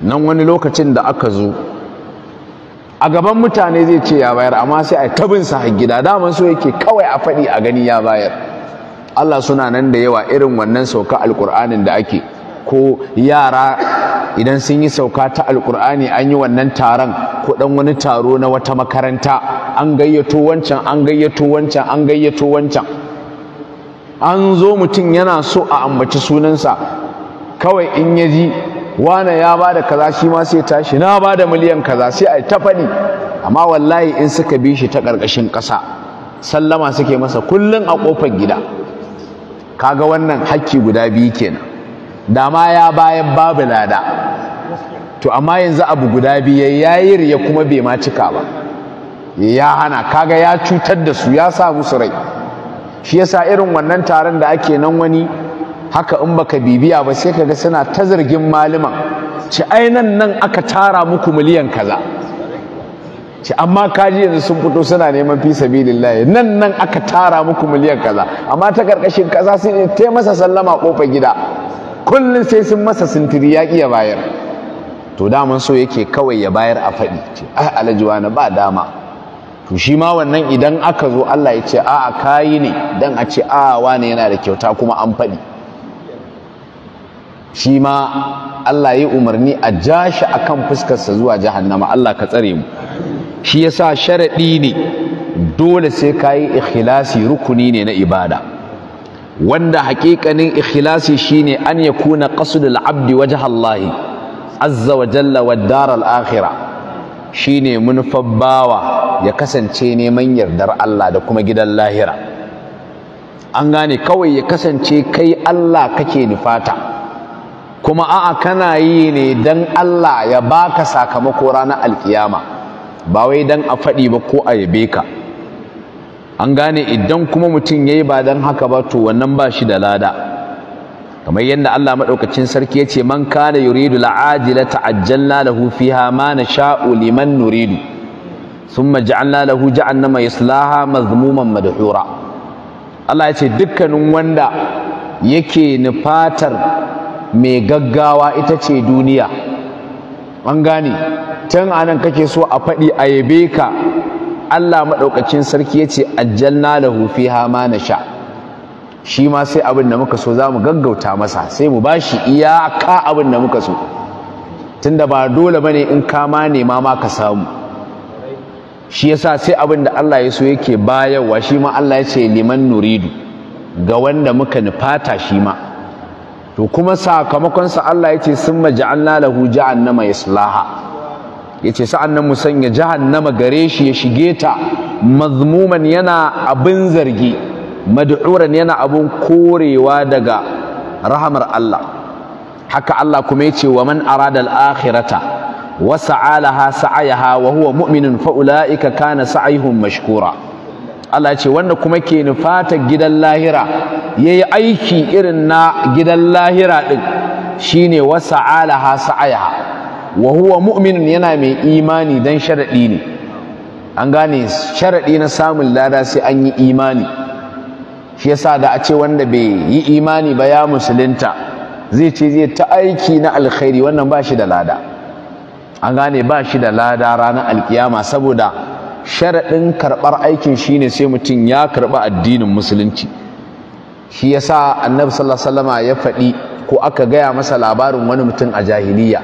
nan wani lokacin da aka zo a gaban mutane zai ce ya bayar amma sai a tabin sa gida daman so yake kawai a faɗi a gani ya bayar Allah suna nan da yawa irin wannan sauka alƙur'anin da ake ko yara idan sun yi sauka ta Alkur'ani an yi wannan taron ko dan wani taro na wata makaranta an gayyato wancan an gayyato wancan an gayyato wancan an zo mutum yana so a ambaci sunansa kawai in ya ji wane ya ba da kaza shi ma sai tashi na ba da miliyan kaza sai a ta faɗi amma wallahi in suka bi shi ta ƙarƙashin ƙasa sallama suke masa kullum a ƙofar gida kaga wannan hakki guda biyu kenan da ma ya bayan babu lada to amma yanzu abu guda biyu ya yi riya kuma bai ma cika ba ya hana kaga ya cutar da su ya sa musu rai shi yasa irin wannan taron da ake nan wani haka in baka bibiya ba sai kaga suna ta zargin malaman, ci ainan nan aka tara muku miliyan kaza ce amma kaji yanzu sun fito suna neman fi sabilillahi nan nan aka tara muku miliyan kaza amma ta karkashin kaza sun ta masa sallama kofar gida kullun sai sun masa sintiri ya iya bayar to daman so yake kawai ya bayar a faɗi ce ah alhaji wani ba dama to shi ma wannan idan aka zo Allah ya ce a'a kayi ne dan a ce a wane yana da kyauta kuma an faɗi shi ma Allah ya umarni a ja shi kan fuskarsa zuwa jahannama Allah ka tsare mu shi yasa sharaɗi ne dole sai ka yi ikhlasi rukuni ne na ibada wanda haƙiƙanin ikhlasi shine an yakuna qasdul abdi wajha Allah azza wa jalla wa daral akhirah shine munfar bawa ya kasance neman yardar Allah da kuma gidan lahira an gane kawai ya kasance kai Allah kake nufata kuma a'a kana yi ne dan Allah ya baka sakamako ranar alkiyama ba wai dan a faɗi ba ko a yabe ka an gane idan kuma mutum ya yi ba dan haka ba to wannan ba shi da lada kamar yadda Allah maɗaukacin sarki ya ce man kana yuridu la'ajila ta'ajjalna lahu fiha ma sha'u liman nuridu thumma ja'alna lahu jahannama yaslaha mazmuman madhura Allah ya ce dukkanin wanda yake nufatar mai gaggawa ita ce duniya an gane tun anan kake so a faɗi a yabe ka Allah maɗaukacin sarki ya ce da lahu fiha ma sha. shi ma sai abin da muka so za mu gaggauta masa sai mu ba bashi iyaka abin da muka so tunda ba dole ba ne in ne ma nema ma ka samu shi yasa sai abin da Allah ya so yake bayarwa shi ma Allah ya ce liman nuridu ga wanda muka nufata shi ma to kuma sakamakonsa Allah ya ce sun maja'alna lahu jahannama yaslaha ya ce sa'an nan mu sanya jahannama gare shi ya shige ta mazmuman yana abin zargi mad'uran yana abin korewa daga rahamar Allah haka Allah kuma ya ce wa man arada al-akhirata wa sa'alaha sa'ayaha wa huwa mu'minun fa ulaika kana sa'ayhum mashkura Allah ce wanda kuma ke nufata gidan lahira ya yi aiki irin na gidan lahira din shine wasa'alaha sa'ayaha wa huwa muminin yana mai imani don sharaɗi ne an gane sharaɗi na samun lada sai an yi imani shi yasa da a ce wanda bai yi imani ba ya musulunta zai ce zai ta aiki na alkhairi wannan ba shi da lada an gane ba shi da lada ranar alkiyama saboda sharaɗin karɓar aikin shine sai mutum ya karɓi addinin musulunci shi yasa annabi sallallahu alaihi ya faɗi ko aka gaya masa labarin wani mutum a jahiliya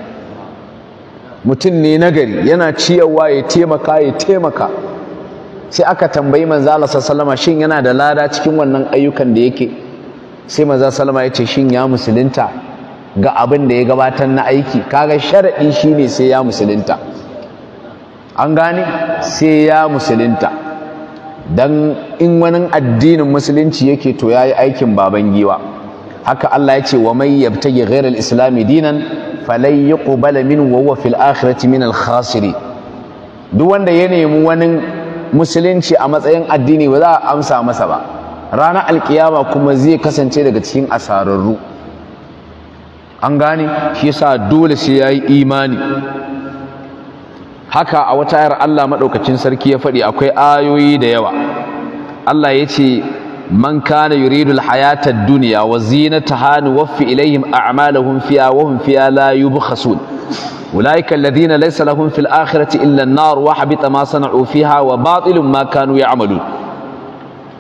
mutum ne nagari yana ciyarwa ya taimaka ya taimaka sai aka tambayi manzo Allah sallallahu shin yana da lada cikin wannan ayyukan da yake sai manzo sallama ya ce shin ya musulunta ga abin da ya gabatar na aiki kaga sharaɗi shine sai ya musulunta an gane sai ya musulunta dan in wani addinin musulunci yake to yayi aikin baban giwa haka Allah ya ce wa mai yabtaghi ghayra al islami dinan Falai yuqbala min wa huwa fil akhirati min al duk wanda ya nemi wani musulunci a matsayin addini ba za a amsa masa ba ranar alkiyama kuma zai kasance daga cikin asararru an gane shi yasa dole sai yayi imani haka a wata ayar Allah maɗaukacin sarki ya faɗi akwai ayoyi da yawa Allah ya ce man kana yuridu alhayata ad-dunya wa zinataha nuwaffi ilayhim a'malahum fiha wa hum fiha la yubkhasun ulaika alladhina laysa lahum fil akhirati illa an-nar wa habita ma sana'u fiha wa batilun ma kanu ya'malun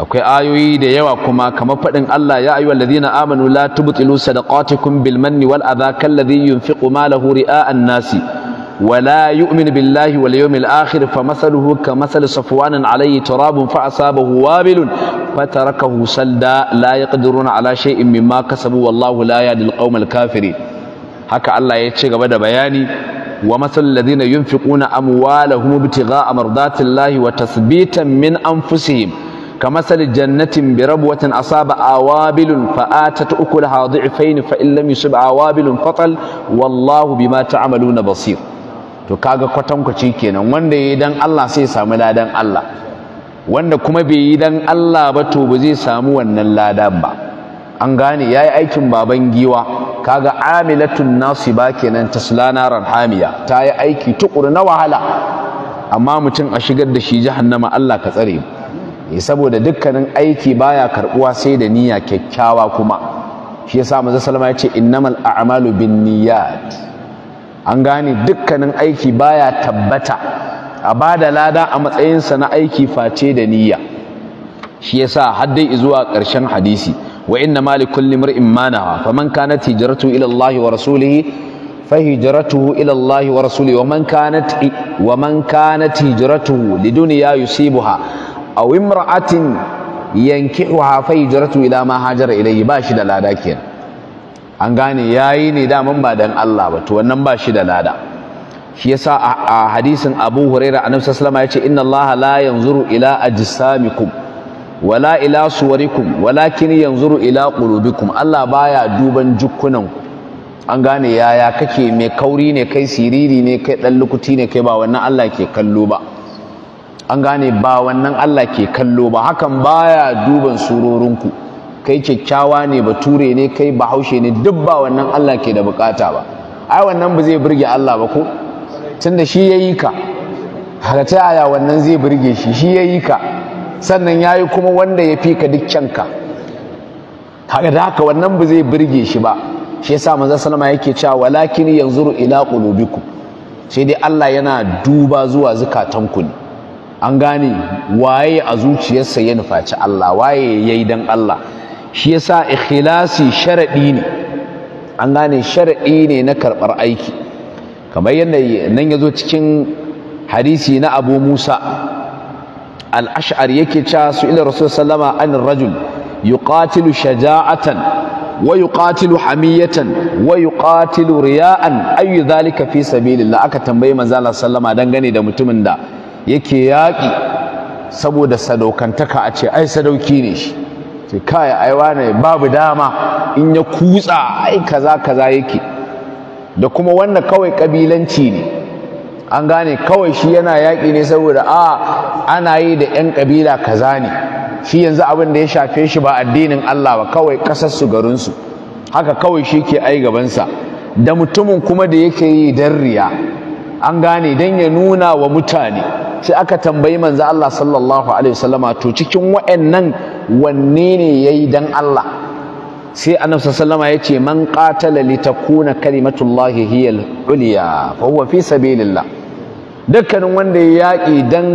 akwai ayoyi da yawa kuma kamar fadin Allah ya ayyuhal ladhina amanu la tubtilu sadaqatikum bil manni wal adha kal ladhi yunfiqu malahu ri'a an-nasi ولا يؤمن بالله واليوم الآخر فمثله كمثل صفوان عليه تراب فأصابه وابل فتركه سلدا لا يقدرون على شيء مما كسبوا والله لا يهدي القوم الكافرين هكا الله يتشيك بدا بياني ومثل الذين ينفقون أموالهم ابتغاء مرضات الله وتثبيتا من أنفسهم كمثل جنة بربوة أصاب أوابل فآتت أكلها ضعفين فإن لم يصب أوابل فطل والله بما تعملون بصير to kaga kwatankwaci kenan wanda yayi dan Allah sai ya samu ladan Allah wanda kuma bai yi dan Allah ba to ba zai samu wannan ladan ba an gane yayi aikin baban giwa kaga amilatun nasiba kenan taslana rahamiya hamiya ta yi aiki tukuru na wahala amma mutum a shigar da shi jahannama Allah ka tsare mu eh, saboda dukkanin aiki baya karbuwa sai da niyya kyakkyawa kuma shi yasa manzo sallama ya ce innamal a'malu binniyat an gane dukkanin aiki baya tabbata a bada lada a matsayinsa na aiki face da niyya shi yasa har dai izuwa ƙarshen hadisi wa inna ma likulli mar'in ma nawa faman kanat hijratu ila Allah wa rasulih fa hijratuhu ila Allah wa rasulih wa man kanat wa man kanat hijratuhu lidunya yusibuha aw imra'atin yankihuha fa hijratu ila ma hajara ilayhi ba shi da lada kenan an gane ya yi ne daman ba dan Allah ba to wannan ba shi da lada shi yasa a hadisin Abu Huraira annabi sallallahu alaihi wasallam ce, inna Allah la yanzuru ila ajsamikum wala ila suwarikum walakin yanzuru ila qulubikum Allah baya duban jukkunan an gane yaya kake mai kauri ne kai siriri ne kai dan lukuti ne kai ba wannan Allah ke kallo ba an gane ba wannan Allah ke kallo ba hakan baya duban surorinku kai kyakkyawa ne bature ne kai bahaushe ne duk ba wannan Allah ke da bukata ba ai wannan ba zai burge Allah ba ko tunda shi yayi ka haka ta aya wannan zai burge shi shi yayi ka sannan yayi kuma wanda ya fi ka ka haka da haka wannan ba zai burge shi ba shi yasa manzo sallama yake cewa walakin yanzuru ila qulubikum sai dai Allah yana duba zuwa zukatanku ne an gane waye a zuciyarsa ya nufaci Allah waye yayi dan Allah shi yasa ikhlasi sharadi ne an gane sharadi ne na karbar aiki kamar yadda nan yazo cikin hadisi na Abu Musa al-Ash'ari yake cewa su ila Rasul sallama an rajul yuqatilu shaja'atan wa yuqatilu hamiyatan wa yuqatilu riya'an ayu dhalika fi sabilillah aka tambaye manzo sallama dangane da mutumin da yake yaƙi saboda sadaukantaka a ce ai sadauki ne shi sai kai aiwa ne babu dama in ya kutsa ai kaza kaza yake da kuma wannan kawai kabilanci ne an gane kawai shi yana yaƙi ne saboda a ana yi da 'yan kabila kaza ne shi yanzu abin da ya shafe shi ba addinin Allah ba kawai ƙasarsu garinsu haka kawai shi ke ai gabansa da mutumin kuma da yake yi dan riya an gane dan ya nuna wa mutane sai aka tambayi manzo Allah sallallahu alaihi wasallama to cikin wa'annan wanne ne yayi dan Allah sai annabi sallallahu alaihi yace man qatala litakuna kalimatullahi hiyal uliya fa huwa fi sabilillah dukkanin wanda ya yaƙi dan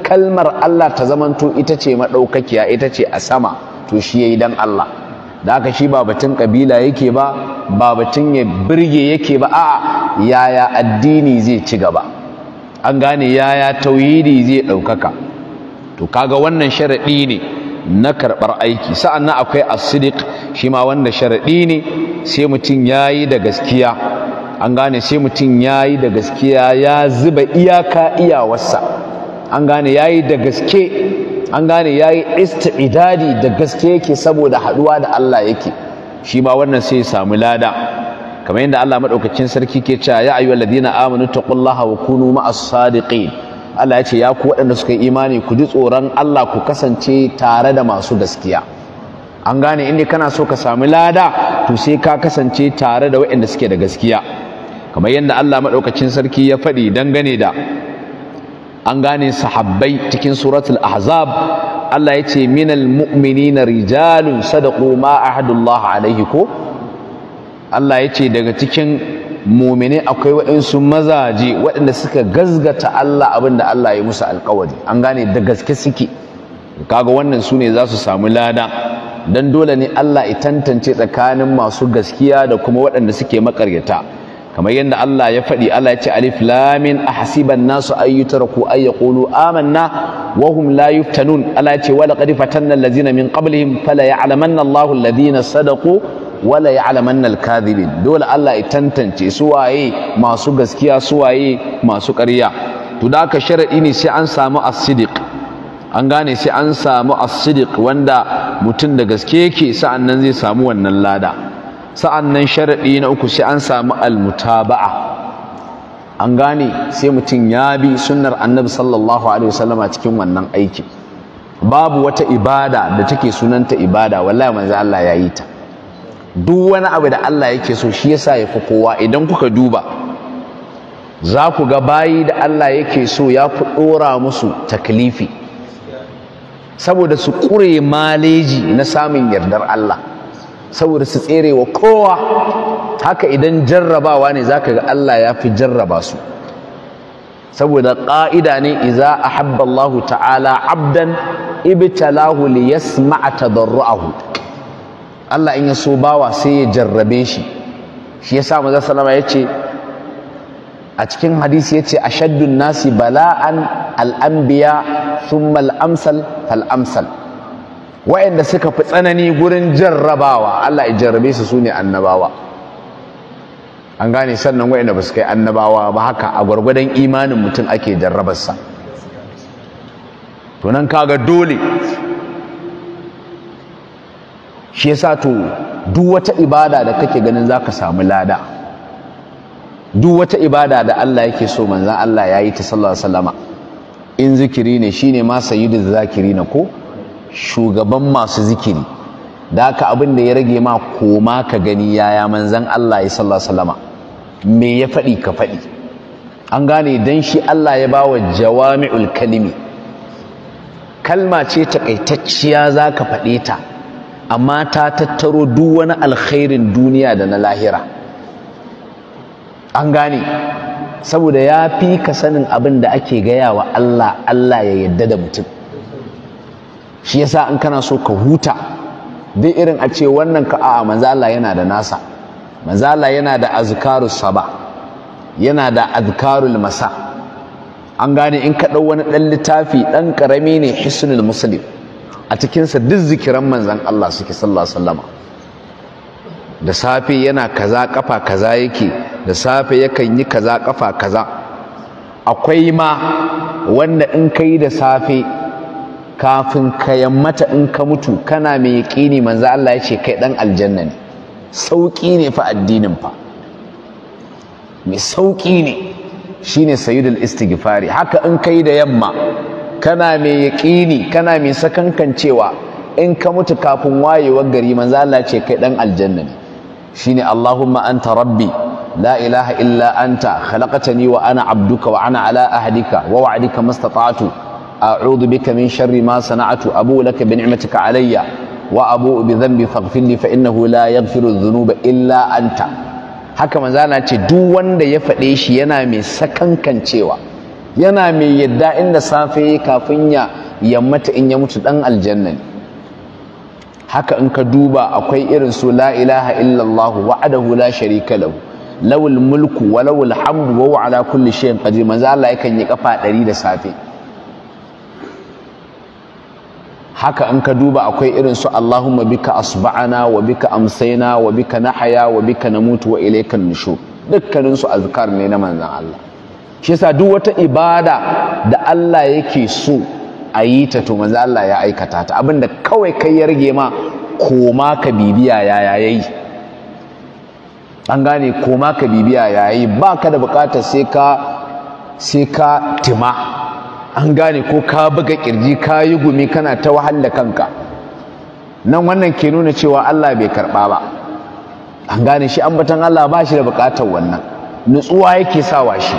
kalmar Allah ta zamanto ita ce madaukakiya ita ce a sama to shi yayi dan Allah da aka shi ba batun kabila yake ba ba batun ya birge yake ba a yaya addini zai ci gaba an gane yaya tauhidi zai ɗaukaka to kaga wannan sharaɗi ne na karɓar aiki nan akwai asidik shi ma wanda sharaɗi ne sai mutum ya yi da gaskiya an gane sai mutum ya yi da gaskiya ya zuba iyaka iyawarsa an gane ya yi da gaske an gane ya yi idadi da gaske yake saboda haɗuwa da Allah yake shi ma wannan sai ya samu lada kamar yadda Allah maɗaukacin sarki ke cewa ya ayyuhal ladina amanu taqullaha wa kunu ma'as sadiqin Allah ya ce ya ku waɗanda suka yi imani ku ji tsoron Allah ku kasance tare da masu gaskiya an gane inda kana so ka samu lada to sai ka kasance tare da waɗanda suke da gaskiya kamar yadda Allah maɗaukacin sarki ya faɗi dangane da an gane sahabbai cikin suratul ahzab Allah ya ce minal mu'minina rijalun sadaqu ma ahadullah alaihi ko Allah ya ce daga cikin mumine akwai waɗansu mazaje waɗanda suka gazgata Allah abinda Allah ya musu alƙawari an gane da gaske suke kaga wannan su ne za su samu lada dan dole ne Allah ya tantance tsakanin masu gaskiya da kuma waɗanda suke makaryata kamar yadda Allah ya faɗi Allah ya ce alif lamin ahsiban nasu ayyutarku ay yaqulu amanna wa hum la yuftanun Allah ya ce wa laqad fatanna allazina min qablihim fala ya'lamanna Allahu allazina sadaqu wa la ya'lamanna al-kadhibin dole Allah ya tantance su waye masu gaskiya su waye masu ƙarya to da ka sharadi ne sai an samu as-sidiq an gane sai an samu as-sidiq wanda mutum da gaske yake sa'annan zai samu wannan lada sa'annan sharadi na uku sai an samu almutaba'a an gane sai mutum ya bi sunnar annabi sallallahu alaihi wasallama cikin wannan aiki babu wata ibada da take sunanta ibada wallahi manzo Allah ya yi ta duk wani abu da Allah yake so shi yasa ya fi kowa idan kuka duba za ku ga bayi da Allah yake so ya fi ɗora musu taklifi saboda su ƙure maleji na samun yardar Allah saboda su tsere wa kowa haka idan jarrabawa ne zaka ga Allah ya fi jarraba su saboda ƙa'ida ne iza ahabba Allah ta'ala abdan ibtalahu yasma'a tadarruahu Allah in ya so bawa sai ya jarrabe shi shi yasa manzo sallama yace a cikin hadisi yace ashaddun nasi bala'an al-anbiya thumma al-amsal fal-amsal waɗanda suka fi tsanani gurin jarrabawa Allah ya jarrabe su ne annabawa an gane sannan wa'anda ba su kai annabawa ba haka a gwargwadon imanin mutum ake jarrabarsa to kaga dole shi yasa to duk wata ibada da kake ganin za ka samu lada duk wata ibada da Allah yake so manzan Allah ya yi ta sallar salama? in zikiri ne shine ma zakiri rina ko shugaban masu zikiri da aka abin da ya rage ma koma ka gani yaya manzan Allah ya sallallahu salama me ya faɗi ka faɗi an gane don shi Allah ya bawa jawami'ul kalimi kalma ce takaitacciya za ka faɗe ta amma ta tattaro duk wani alkhairin duniya da na lahira an gane saboda ya fi ka sanin abin da ake gaya wa Allah Allah ya yadda da mutum shi yasa in kana so ka huta duk irin a ce wannan ka a'a manzo yana da nasa manzo yana da azkarus saba yana da azkarul masa an gane in ka dau wani dan littafi dan karami ne hisnul muslim a cikinsa duk zikiran manzon Allah suke sallallahu alaihi da safe yana kaza kafa kaza yake da safe yakan yi kaza kafa kaza akwai ma wanda in kai da safe kafin ka yammata in ka mutu kana mai yaƙini manzo Allah ya ce kai dan aljanna ne sauƙi ne fa addinin fa mai sauki ne shine sayyidul istighfari haka in kai da yamma kana mai yaƙini kana mai sakankancewa in ka mutu kafin wayewar gari manzo Allah ce kai dan aljanna ne shine Allahumma anta rabbi la ilaha illa anta khalaqtani wa ana abduka wa ana ala ahdika wa wa'dika mastata'tu أعوذ بك من شر ما صنعت أبو لك بنعمتك علي وأبوء بذنبي فاغفر لي فإنه لا يغفر الذنوب إلا أنت haka na ce duk wanda ya faɗe shi yana mai sakankancewa yana mai yadda inda safe kafin ya yammata in ya mutu dan aljanna ne haka in ka duba akwai irin su la ilaha illallah wa'adahu la sharika lahu lawul mulku wa lawul hamdu wa ala kulli shay'in qadir manzo Allah yakan yi kafa 100 da safe haka in ka duba akwai irin su Allahumma bika asba'ana wa bika amsaina wa bika nahaya wa bika namutu wa ilaykan nushu dukkanin su azkar ne na manzon Allah shi yasa duk wata ibada da Allah yake so a yi ta to manzon Allah ya aikata ta abinda kawai kai ya rage ma koma ka bibiya ya yayi an gane koma ka bibiya yayi baka da bukata sai ka sai ka tima an gane ko ka buga kirji ka yi gumi kana ta wahala kanka nan wannan ke nuna cewa Allah bai karba ba an gane shi ambatan Allah ba shi da bukatar wannan nutsuwa yake sawa shi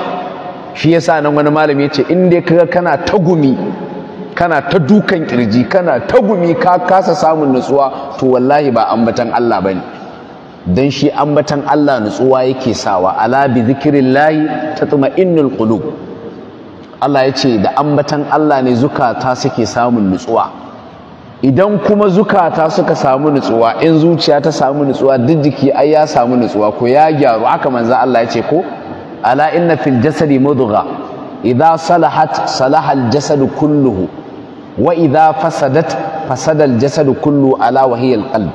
shi yasa nan wani malami ya ce in dai kaga kana ta gumi kana ta dukan kirji kana ta gumi ka kasa samun nutsuwa to wallahi ba ambatan Allah bane dan shi ambatan Allah nutsuwa yake sawa ala bi zikrillah tatma'innul qulub Allah ya ce da ambatan Allah ne zukata suke samun nutsuwa idan kuma zukata suka samu nutsuwa in zuciya ta samu nutsuwa duk jiki ai ya samu nutsuwa ko ya gyaru haka manzo Allah ya ce ko ala inna fil jasadi mudgha idha salahat salaha al jasad kulluhu wa idha fasadat fasada al jasad kullu ala wa hiya al qalb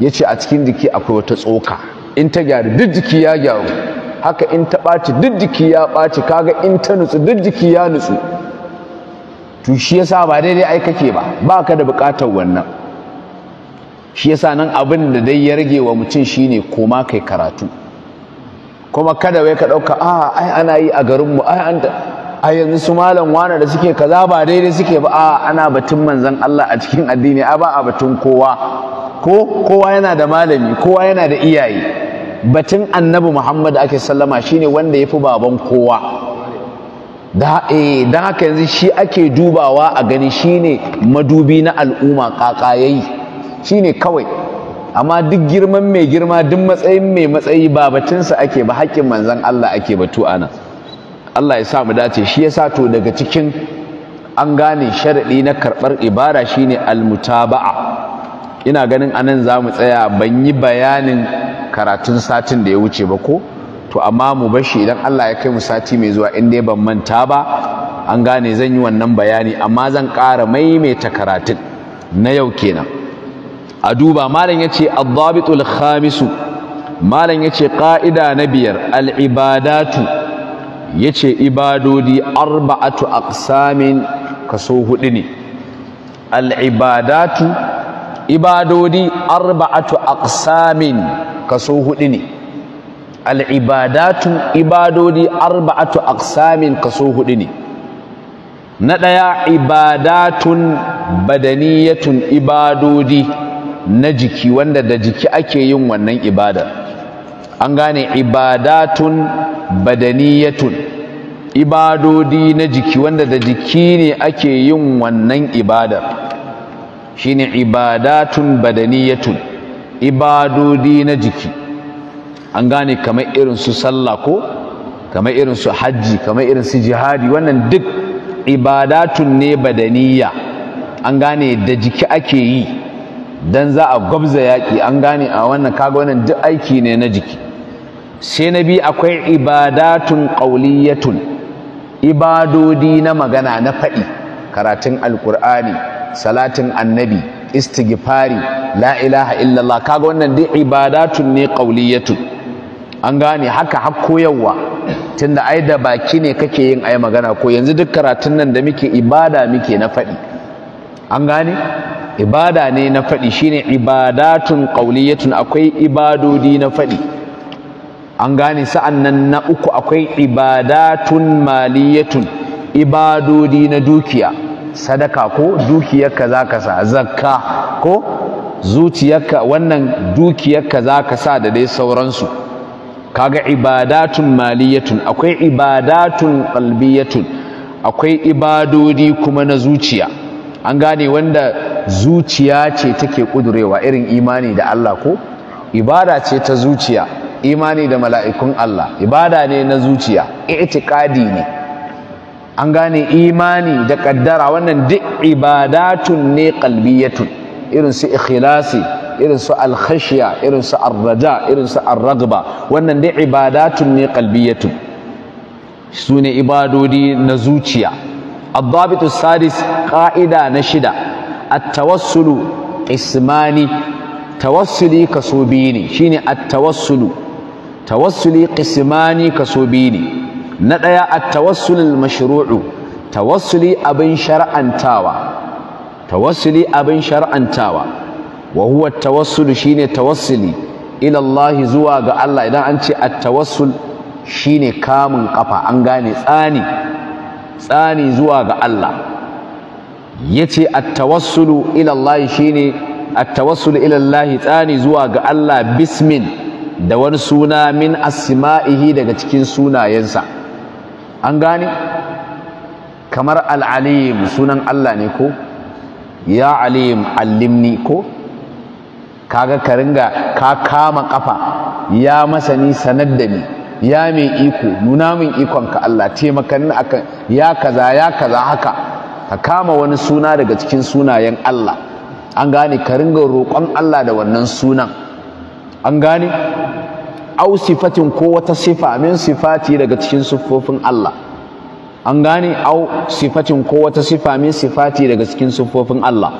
yace a cikin jiki akwai wata tsoka in ta gyaru duk jiki ya gyaru haka in ta ɓaci duk jiki ya ɓaci kaga in ta nutsu duk jiki ya nutsu to shi yasa ba daidai ai kake ba ba ka da buƙatar wannan shi yasa nan abin da dai ya rage wa mutum shine koma kai karatu kuma kada wai ka ɗauka a ah, ai ana yi a garinmu ai an a yanzu su malam wane da suke kaza ba daidai suke ba a ana batun manzon Allah a cikin addini a ba a batun kowa ko kowa yana da malami kowa yana da iyaye batun annabi muhammad ake sallama shine wanda ya fi baban kowa don eh, haka yanzu shi ake dubawa a gani shine madubi na al'umma kakayayi shine kawai amma duk girman mai girma duk matsayin mai matsayi ba batunsa ake ba haƙƙin manzan allah ake batu ana allah ya sa mu dace shi ya sa to daga cikin an gane sharaɗi na karɓar ibara shine almutaba'a ina ganin anan za mu tsaya ban yi bayanin karatun satin da ya wuce ba ko to amma mu bashi idan Allah ya kai mu sati mai zuwa in dai ban manta ba an gane zan yi wannan bayani amma zan ƙara maimaita karatun na yau kenan a duba malam yace ad-dabitul khamisu malam yace ƙa'ida na biyar al-ibadatu yace ibadodi arba'atu aqsamin kaso hudu ne al-ibadatu ibadodi arba'atu aqsamin kaso hudu ne al'ibadatu ibadodi arba'atu aksamin kaso hudu ne na ɗaya ibadatun badaniyatun ibadodi na jiki wanda da jiki ake yin wannan ibadar an gane ibadatun badaniyatun ibadodi na jiki wanda da jiki ne ake yin wannan ibadar shine ibadatun badaniyatun ibadodi na jiki an gane kamar irin su sallah ko kamar irin su hajji kamar irin su jihadi wannan duk ibadatun ne badaniya an gane da jiki ake yi dan za a gwabza yaƙi an gane a wannan kaga wannan duk aiki ne na jiki sai na bi akwai ibadatun ƙauliyyatun, ibadodi na magana na faɗi karatun alƙur'ani salatin annabi istighfari la ilaha illallah kaga wannan duk ibadatun ne qauliyatu an gane haka har koyarwa tunda ai da baki ne kake yin ai magana ko yanzu duk karatun nan da muke ibada muke na faɗi an gane ibada ne na faɗi shine ibadatun qauliyatun akwai ibadodi na faɗi an gane sa'an nan na uku akwai ibadatun maliyatun ibadodi na dukiya sadaka ko dukiyarka za ka sa zakka ko zuciyarka wannan dukiyarka za ka sa da dai sauransu kaga ibadatun maliyatun akwai ibadatun qalbiyatun akwai ibadodi kuma na zuciya an gane wanda zuciya ce take kudurewa irin imani da Allah ko ibada ce ta zuciya imani da mala'ikun Allah ibada ne na zuciya i'tiqadi ne an gane imani da kaddara wannan duk ibadatun ne qalbiyatun irin su ikhlasi irin su alkhashiya irin su arraja irin su arragba wannan dai ibadatun ne qalbiyatun su ne ibadodi na zuciya الضابط السادس قاعدة نشدة التوسل قسماني tawassuli kaso ne shine at-tawassulu tawassuli qismani ne na ɗaya a tawassulin mashru'u tawassuli abin shar'antawa tawassuli abin shar'antawa wa huwa tawassulu shine tawassuli ilallahi zuwa ga Allah idan an ce a tawassul shine kamun kafa an gane tsani tsani zuwa ga Allah yace ce tawassulu ila ilallahi shine at-tawassulu ila tsani zuwa ga Allah bismin da wani suna min asima'ihi daga cikin sunayensa an gane kamar al'alim sunan Allah ne ko ya alim allimni ko kaga ka ringa ka kama kafa ya masani sanar da ni ya mai iko nuna min ikonka Allah akan ya kaza ya kaza haka ka kama wani suna daga cikin sunayen Allah an gane ka ringa roƙon Allah da wannan sunan an gane au sifatin ko wata sifa min sifati daga cikin siffofin Allah an gane au sifatin ko wata sifa min sifati daga cikin siffofin Allah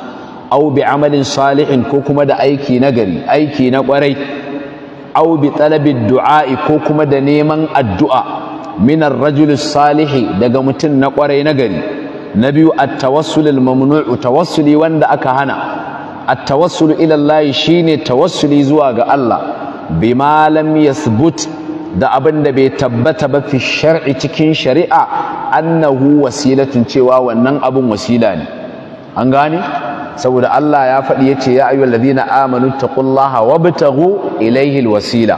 au bi amalin salihin ko kuma da aiki na gari aiki na kwarai au bi talabid du'a'i ko kuma da neman addu'a min ar-rajul salihi daga mutum na kwarai na gari na biyu at-tawassul al-mamnu'u tawassuli wanda aka hana at-tawassul ila Allah shine tawassuli zuwa ga Allah bima lam yasbut da abin da bai tabbata ba fi shar'i cikin shari'a annahu wasilatun cewa wannan abin wasila ne an gane saboda Allah ya faɗi ya ce ya ayyuhal ladina amanu taqullaha wabtaghu ilayhi alwasila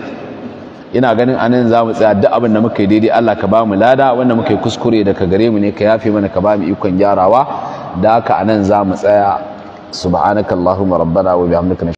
ina ganin anan za mu tsaya duk abin da muka yi daidai Allah ka bamu lada wanda muka yi kuskure daga gare mu ne ka yafe mana ka ba mu ikon gyarawa da haka anan za mu tsaya subhanakallahumma rabbana wa bihamdika